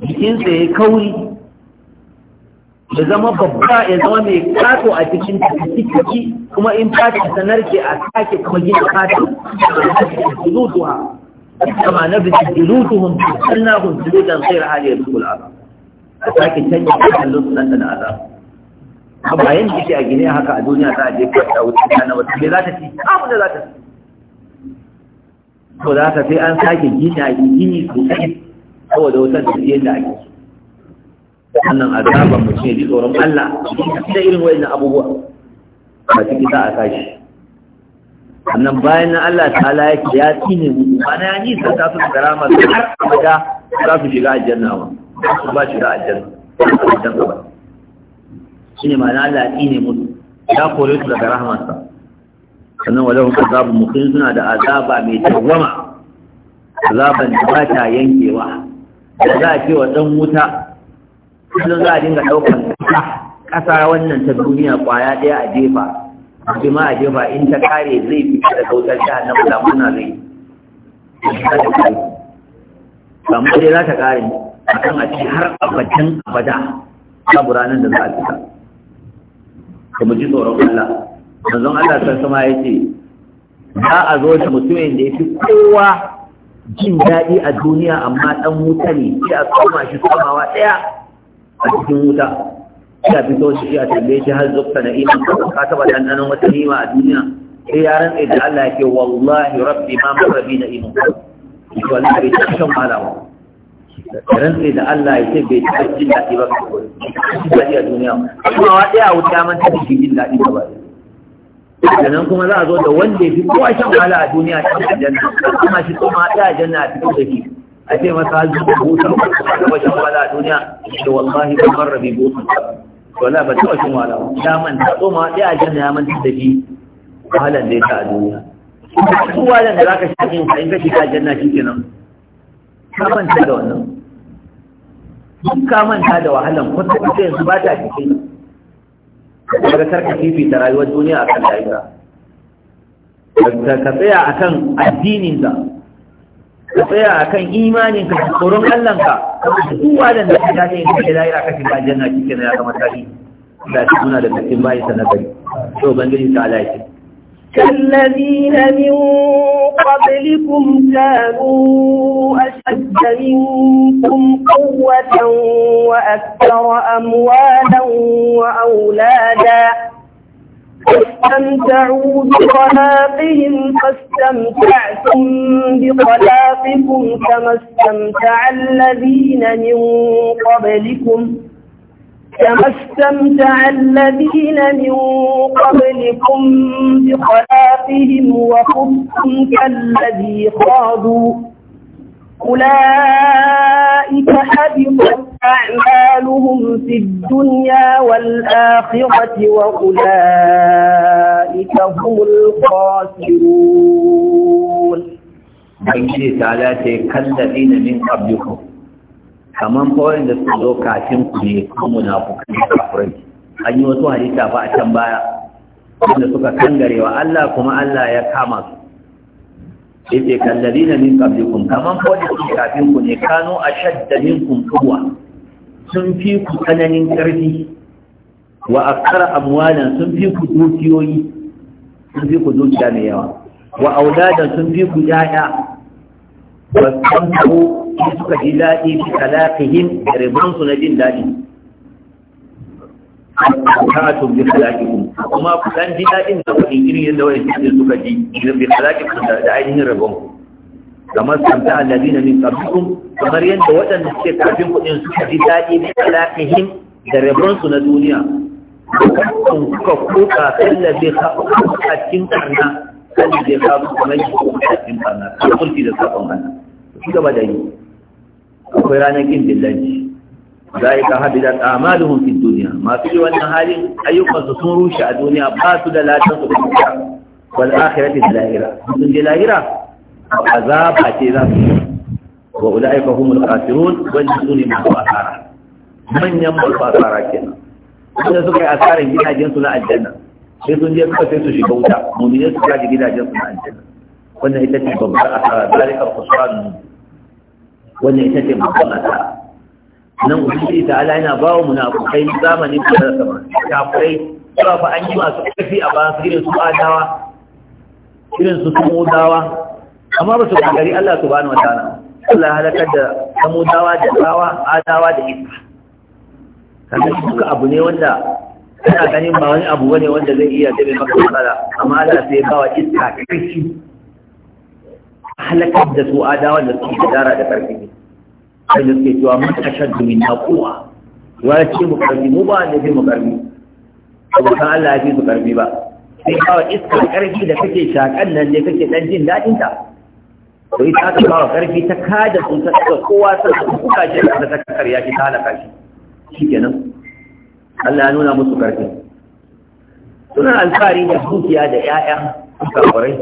jikinsa ya yi kauri ya zama babba ya zama mai kato a cikin ciki kuma in fata sanar ke a sake kuma gina fata zuzuwa kama na bisu hun su jilutan sai hali ya dukul a a sake canja lusu lusunan da azab a bayan da ke a gine haka a duniya za a je kwata wuce kana na wata me za ta ci abu da za ta ci to za ta sai an sake gina gini sosai saboda wutar da yadda ake so wannan azaba mutum ya ji tsoron Allah da irin wayannan abubuwa ba ciki za a tashi annan bayan na Allah ta'ala ya ce ya tine mu. Bana ya nisa ta su karama su har abada za su shiga aljanna ba su ba shiga aljanna aljanna ba shi ne mana Allah ya tine mutu ya kore su daga rahamarsa sannan wa lahum azabun muqim suna da azaba mai tawama, azaban da ba ta yankewa da za a ce wa dan wuta kullum za a dinga ɗaukar kasa wannan ta duniya kwaya ɗaya a jefa ma a jefa in ta kare zai fi da kautar jihar hannun kulamuna zai kamar dai za ta kare a kan a ce har abadan abada babu ranar da za a fita ka mu ji tsoron Allah manzon Allah san sama ya ce za a zo da mutumin da ya fi kowa jin daɗi a duniya amma ɗan wuta ne sai a koma shi komawa ɗaya a cikin wuta ya fito shi ya tambaye shi har zubta da iman ka taba da annanon wata nima a duniya sai ya rantsa da Allah yake wallahi rabbi ma to Allah bai ta shan rantsa da Allah yake bai ta jin ba a duniya kuma wa daya wuta man ta jin ba ba sannan kuma za a zo da wanda ya fi kowa shan wahala a duniya ta aljanna kuma shi kuma janna a cikin a ce masa hajji da busan da bashin wala a duniya da wallahi ban bar rabi busan wala ba ta bashin wala ya manta tsoma ya ajiyar ya manta da shi wahalan da ya ta a duniya su wajen da za ka a in ka shi shiga janna shi kenan ka manta da wannan duk ka manta da wahalan kwata kwata yanzu ba ta cikin daga karka fifita rayuwar duniya a kan lahira ka tsaya a kan addininka ka tsaya akan imanin ka tsoron Allah ka duk da da ta ne ka da lahira ka shiga aljanna cikin ya zama tarihi da shi muna da cikin bayin sa nagari to bangare ta Allah ya كالذين من قبلكم كانوا أشد منكم قوة وأكثر أموالا وأولادا فاستمتعوا بطلاقهم فاستمتعتم بطلاقكم كما استمتع الذين من قبلكم كما استمتع الذين من قبلكم بخلاقهم وخبتم كالذي خاضوا أولئك حبطت أعمالهم في الدنيا والآخرة وأولئك هم الخاسرون أجل تعالى تكل الذين من قبلكم كمان قوين دستوزو كاتم كني كم نافق كفرين أن يوتو هديسة فأتم بايا أن سوكا كنغري وألا كما ألا يكامس إذا كان الذين من قبلكم كمان قوين دستوزو كاتم كني كانوا أشد منكم قوة sun fi ku tsananin ƙarfi wa a ƙara amwalan sun fi ku dukiyoyi sun fi ku dukiya mai yawa wa auladan sun fi ku yaya wa san ku suka ji daɗi fi talaqihim ribun su na jin daɗi ta'atun bi khalaqikum kuma ku dan ji daɗin da kuɗin irin yadda wani suka ji bi khalaqikum da ainihin rabon kamar samta alladina min qablikum kamar yadda waɗanda suke kafin kuɗin suka ji daɗi bi alaqihim da rabonsu na duniya kun kuka kuka kallabi a cikin karna kallabi ka kuma yi a cikin karna kan kulki da sakon karna shi gaba da yi akwai ranar kin a yi ka haɗu da amaluhum fi duniya masu yi wannan halin ayyukansu sun rushe a duniya ba su da latansu da duniya wal akhirati da lahira sun je lahira azaba ce za su yi wa ulaika humul khasirun wanda su ne masu asara manyan masu asara kenan wanda suka yi asarar gidajen su na aljanna sai sun je suka sai su shiga wuta mu'mini su kaji gidajen su na aljanna wannan ita ce babbar asara zalika mu. wannan ita ce babbar asara nan ubangiji ta ala yana ba wa munafukai zamani ko da sama kafirai cewa fa an yi masu ƙarfi a ba su irin su adawa irin su dawa? amma ba su gagari Allah wata wataala Allah halakar da samudawa da tsawa adawa da isa kaga duka abu ne wanda ina ganin ba wani abu ne wanda zai iya zai maka matsala amma Allah sai ya bawa iska A halakar da su adawa da su dara da karfi ne sai da suke cewa mun ashaddu min kowa wa ce mu karfi mu ba ne mu karfi ba kan Allah ya fi su karfi ba sai ba wa iska karfi da kake shakan nan ne kake dan jin daɗinta. ta ko ta ta bawa karfi ta kada sun ta tsaka kowa ta kuka ce da ta ya shi ta halaka shi nan? Allah ya nuna musu karfi suna alfari da dukiya da ƴaƴa kafirai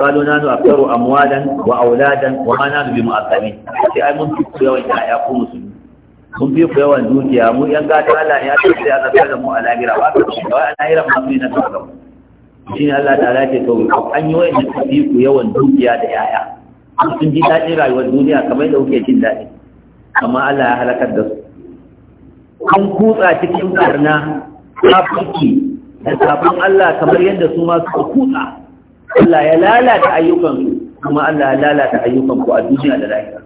قالوا نحن أكثر wa ma وما نحن بمعذبين sai ai mun fi yawan ƴaƴa ko musulmi mun fi ku yawan dukiya mu yan gata Allah ya ce sai a zafi da mu a lahira ba ka ce wa a lahira ma yi na tsaka shi ne Allah ta ce wuƙa, an yi wa'in da fi ku yawan dukiya da yaya sun ji daɗin rayuwar duniya kamar da kuke jin daɗi amma Allah ya halakar da su an kutsa cikin karna kafirki da sabon Allah kamar yadda su ma suka kutsa Allah ya lalata ayyukansu kuma Allah ya lalata ayyukanku a duniya da lahira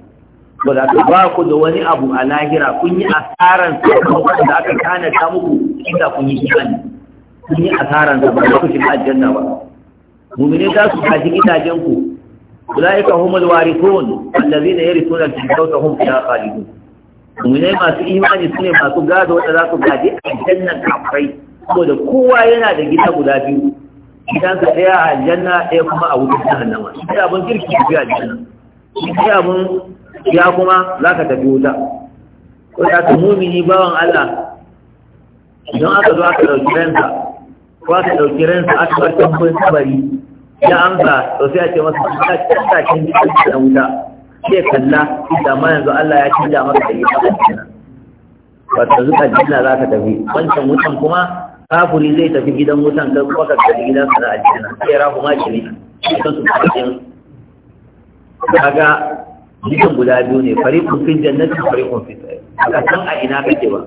ba za ka ba ku da wani abu a lahira kun yi asaran sakamakon da aka kana ta muku inda kun yi imani sun yi asaran da ba ku shiga aljanna ba mu'mini za su kaji gidajen ku ulaika humul warithun allazina yarithuna al-firdausa hum fiha khalidun mu'minai masu imani sune masu gado wanda za su gaji aljanna kafirai saboda kowa yana da gida guda biyu gidan sa ɗaya a aljanna ɗaya kuma a wutar jahannama shi abun kirki ku biya aljanna shi abin ya kuma za ka tafi wuta ko da ka mumini bawan Allah idan aka zo aka ɗauki ransa ko aka ɗauki ransa aka bar tambayin sabari ya amsa to sai a ce masa ta ta kin ji ta wuta sai kalla idan ma yanzu Allah ya kinja maka da yasa kenan wato zuka jinna za ka tafi wancan wutan kuma kafuri zai tafi gidan wutan kan kuma ka tafi gidan sana a jinna sai rahu ma kiri kan su kafin kaga gidan guda biyu ne fariqun fil jannati fariqun fil sa'ir kaga san a ina kake ba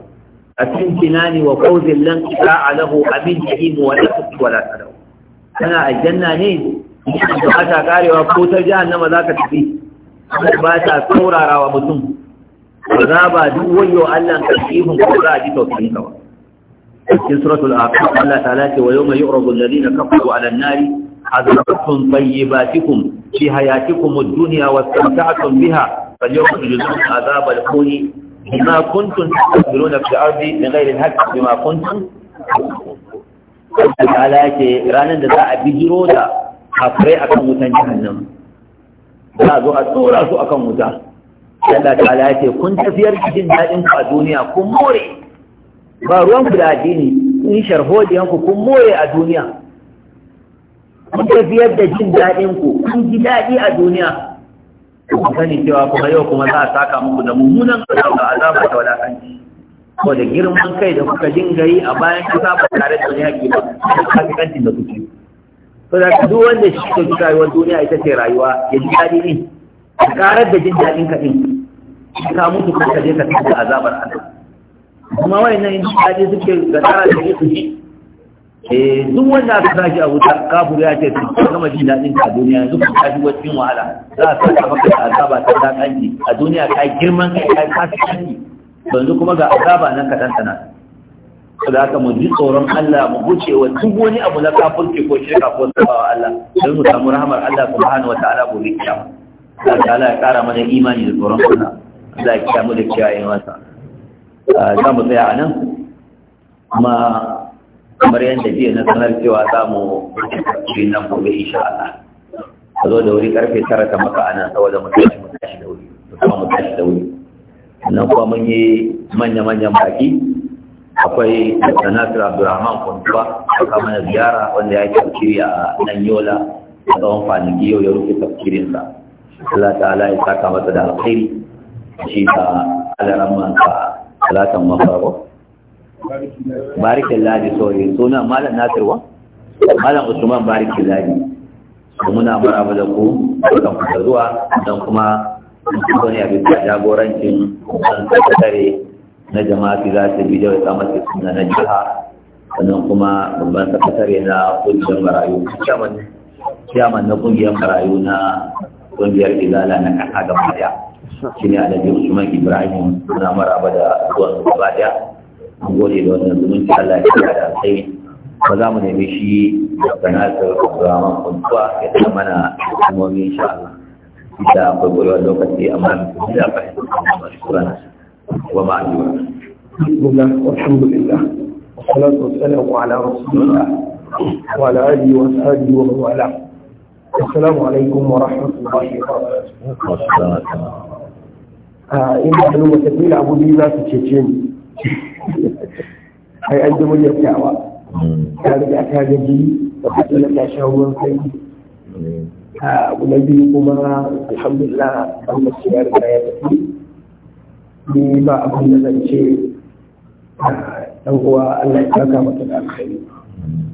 cikin tunani wa kozin lan kisa a lahu abin jiki mu wa ɗasa ci wala tsarau tana aljanna ne da ba ta karewa ko ta ji annama za ka tafi ba ta saurara wa mutum za ba duk wayo allah ka ihun ko za a ji tausayin ka ba cikin suratul aqab allah ta'ala ce wa yawma yu'radu alladhina kafaru 'ala an-nari azabtum tayyibatikum fi hayatikum ad-dunya wa istamta'tum biha فاليوم تجزون عذاب الخون بما كنتم تستكبرون في الأرض من غير الحق بما كنتم Allah ta'ala ce ranar da za a bijiro da kafirai akan wutan jahannam za a zo a tsora su akan wuta Allah ta'ala ce kun tafiyar jin daɗin ku a duniya kun more ba ruwan ku da addini kun sharhodiyan ku kun more a duniya kun tafiyar da jin daɗin ku kun ji daɗi a duniya ku sani cewa kuma yau kuma za a saka muku da mummunan kaza da azaba ta wadatanci ko da girman kai da kuka dinga yi a bayan kasa ba tare da duniya ke ba hakikancin da kuke to da duk wanda shi ke ji rayuwar duniya ita ce rayuwa ya ji daɗi ne karar da jin daɗin ka ɗin ka mutu ka je ka tafi azabar Allah kuma wayannan in daɗi suke ga tsara da su Eh, duk wanda aka tashi a wuta kafin ya ce sun ka gama jin daɗin ka a duniya yanzu ka tashi wajen wahala za a saka maka da azaba ta dakanci a duniya ka girman kai ka kasu kanki yanzu kuma ga azaba nan ka tantana da haka mu ji tsoron Allah mu guce wa duk wani abu na kafirci ko shirka ko sabawa Allah don mu samu rahamar Allah subhanahu wa ta'ala gobe kiyama Allah ta'ala ya kara mana imani da tsoron Allah Allah ya kiyamu da kiyaye wasa ah, za mu tsaya a nan kuma kamar yadda jiya na sanar cewa za mu yi nan gobe insha Allah ka zo da wuri karfe tara ta maka ana saboda mu tashi mu tashi da wuri mu kuma mu tashi da wuri nan kuma mun yi manya-manyan baki akwai da nasir Abdulrahman kuntuwa a kama ziyara wanda ya yi tafkiri a nan yola a tsawon kwanaki yau ya rufe tafkirinsa Allah ta'ala ya saka masa da alkhairi shi ta alaran talatan mafarko barikin ladi sauri suna malam nasirwa malam usman barikin ladi muna maraba da ku kan kusa zuwa don kuma wani abin da jagorancin kusan sakatare na jama'a za su bi da wata masu suna na jiha sannan kuma babban sakatare na kungiyar marayu ciyaman na kungiyar marayu na kungiyar izala na kan gaba daya shi ne alhaji usman ibrahim suna maraba da zuwan su an gode da wannan zumunci Allah ya kira da sai ba za mu nemi shi da nasir abdurrahman kuntuwa ya ta mana kalmomi insha Allah da akwai lokaci amma mu da fahimta masu kuran wa ma'ajiwa. Alhamdulillah, alhamdulillah, wasalatu wasalamu ala rasulillah wa ala alihi wa sahbihi wa man Assalamu alaikum wa rahmatullahi wa barakatuh. Ah, ina da nuna abu biyu za su cece ni. ai an ji muryar kyawa hmm. ta riga ta gaji da kuma ta sha ruwan kai hmm. a na biyu kuma alhamdulillah an mace ya riga ya tafi ni ba abin da zan ce dan uwa Allah ya saka mata da alkhairi hmm.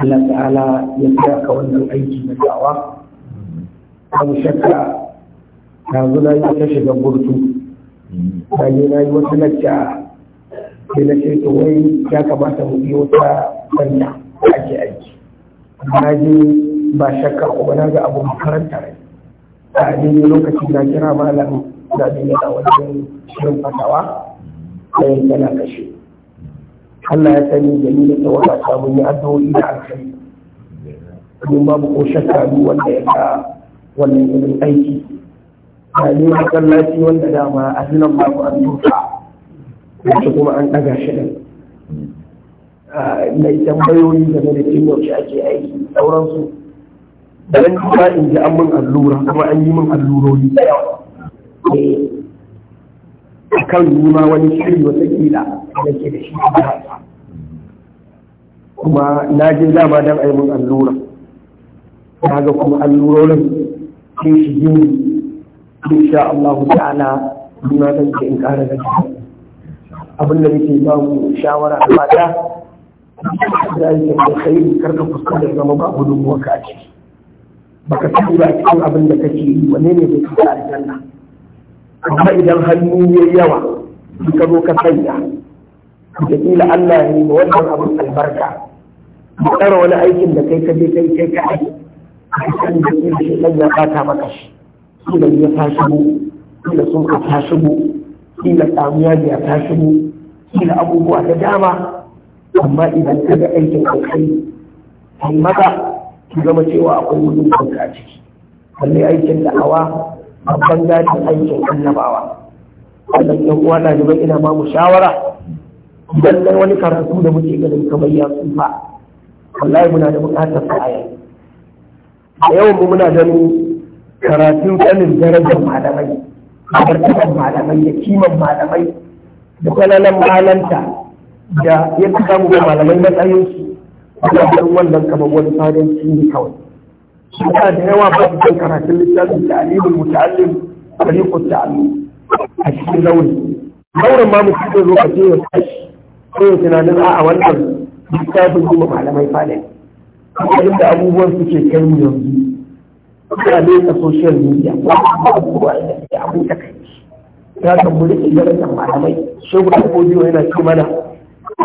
Allah ta'ala ya saka wannan aiki na dawa abu shakka yanzu na yi ta shiga burtu na yi na yi wata lacca sai na ce to wai ya kamata mu biyo ta banda ake aiki na je ba shakka ba na ga abu makaranta ne a daidai lokacin na kira malam na ne a wajen shirin fatawa ɗayan yana kashe Allah ya sani da ni da wata samun yi addu'o'i da alkhairi domin babu ko shakka duk wanda ya ga wannan irin aiki ba ne masallaci wanda dama a nan babu an tuta wata kuma an ɗaga shi ɗin mai tambayoyi game da cewa shi ake aiki sauransu A kuma in ji an mun allura kuma an yi min allurori da yawa eh, a kan nima wani shiri kila da ke da shi a kuma na je dama don a yi min allura na ga kuma allurorin sun shige ni insha Allah ta'ala nuna zan ce in ƙara gajiya abin da yake ba mu shawara da fata da yake da kai karka fuskanta zama ba gudunmuwa ka ce baka tafi ba cikin abin da kake yi wane ne zai fita aljanna amma idan hannu ya yawa ka zo ka sanya da kila Allah ne ma wannan abin albarka mu tsara wani aikin da kai ka je kai kai ka aiki a kan da kila shi ya bata maka shi kila ya tashi mu kila sun ka tashi mu kila ya tashi mu kila abubuwa da dama amma idan ka ga aikin alkhairi kai maka. ki gama cewa akwai wani kanka a ciki wani aikin da hawa babban gadin aikin annabawa wannan yan uwa na gaba ina ba mu shawara idan dan wani karatu da muke ganin kamar ya tsufa wallahi muna da buƙatar kaya a yau mu muna ganin karatun ɗanin darajar malamai a kabartakan malamai da kiman malamai da kwananan malanta da ya fi samu ga malamai matsayinsu a ɗan wannan kamar wani fadanci cini kawai suna da yawa ba su kan karatun littafin ta'alimin muta'allim tariqut ta'allim a cikin zauri zaurin ma mu cikin lokaci ya tashi ko ya tunanin a a wannan littafin kuma malamai fadanci kuma da abubuwan suke kai yanzu suna a social media ba su ba da abin da ta tamburi ilimin malamai shehu da kodiyo yana ce mana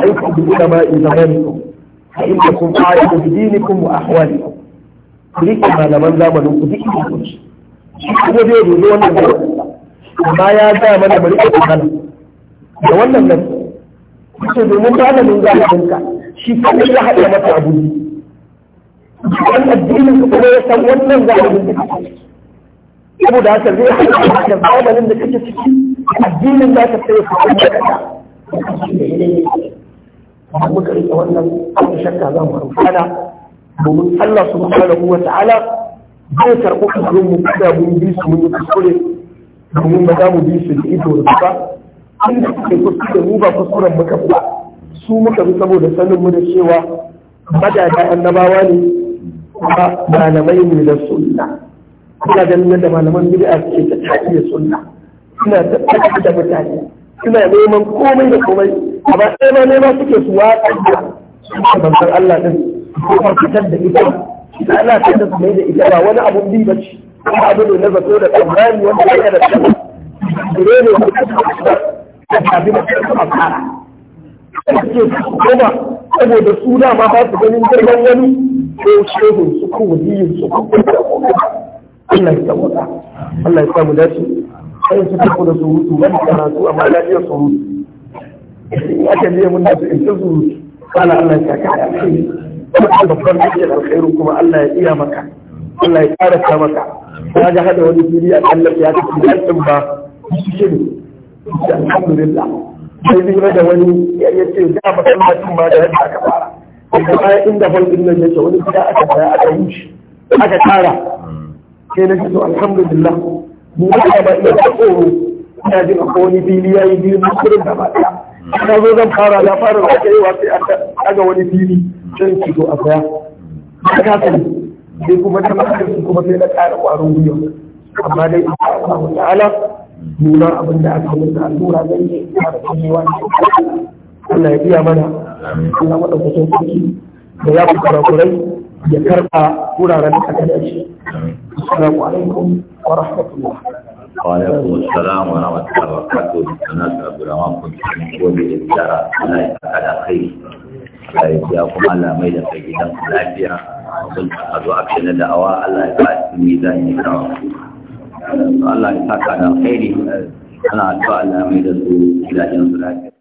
aikin da ulama in zamanikum a inda kun fara da dinikum wa ahwalikum ku rike malaman zamanin ku duk inda kun shi kuma zai rubu wannan da amma ya ga mana bari ka kana da wannan nan kace domin malamin zamanin ka shi kuma ya haɗa maka abu ne wannan addinin ku kuma ya san wannan zamanin da kake saboda haka zai haka da zamanin da kake ciki addinin za ka sai su kuma kada ba muka rike wannan abu shakka za mu amfana domin Allah subhanahu wa ta'ala zai karɓi kusurin mu kada mun bi su mun yi kuskure domin ba za mu bi su da ido da ba inda kuke kuskure mu ba kuskuren muka ba su muka bi saboda sanin mu da cewa madada annabawa ne ba malamai ne da sunna ina ganin yadda malaman bid'a suke ta tafiye sunna suna ta da mutane Ina neman komai da komai amma sai ma nema suke su watsa da bantar Allah din ko fitar da ita da Allah ta da mai da ita ba wani abu bi bace kuma abu ne na zato da tsammani wanda ya da tsaba dire ne ko ta tafi da ta fara suke kuma saboda su da ma ba su ganin girman wani ko shehun su ko waliyin su ko kuma Allah ya tsawata Allah ya samu dace sai su tafi da surutu wani karatu amma lafiyar surutu in aka biya mun da su in ta surutu kala Allah ya kaka ya ce kuma babban dukkan alkhairu kuma Allah ya iya maka Allah ya ƙara ta maka ya ga hada wani fili a kallon ya tafi daɗin ba shi ne alhamdulillah sai lura da wani ya ce da masallacin ba da yadda aka fara daga baya inda faldin nan yake wani gida aka saya aka wuce aka tara sai na fito alhamdulillah ni ba ba iya tsoro ina jin akwai wani fili yayi biyu na kurin da ba ɗaya na zo zan fara na fara da aka yi wa sai aka wani fili can ki zo a saya na kasa sai kuma ta makar su kuma sai na ƙara ƙwarin gwiwa amma dai a Allah ta'ala nuna abin da aka yi da allura zan yi ƙara kamewa Allah ya biya mana Allah maɗaukacin sarki da ya fi kurakurai ya karɓa wuraren da aka dace assalamu alaikum wa rahmatullah وعليكم السلام ورحمة الله وبركاته أنا أبو رمان كنت من قول الإدارة لا يتأكد أخير لا يتأكد على ميدا في جدام الأجياء قلت أدو أكشن الدعوة الله يتأكد ميزان يكرام الله يتأكد على خير أنا أدعو على ميدا في جدام الأجياء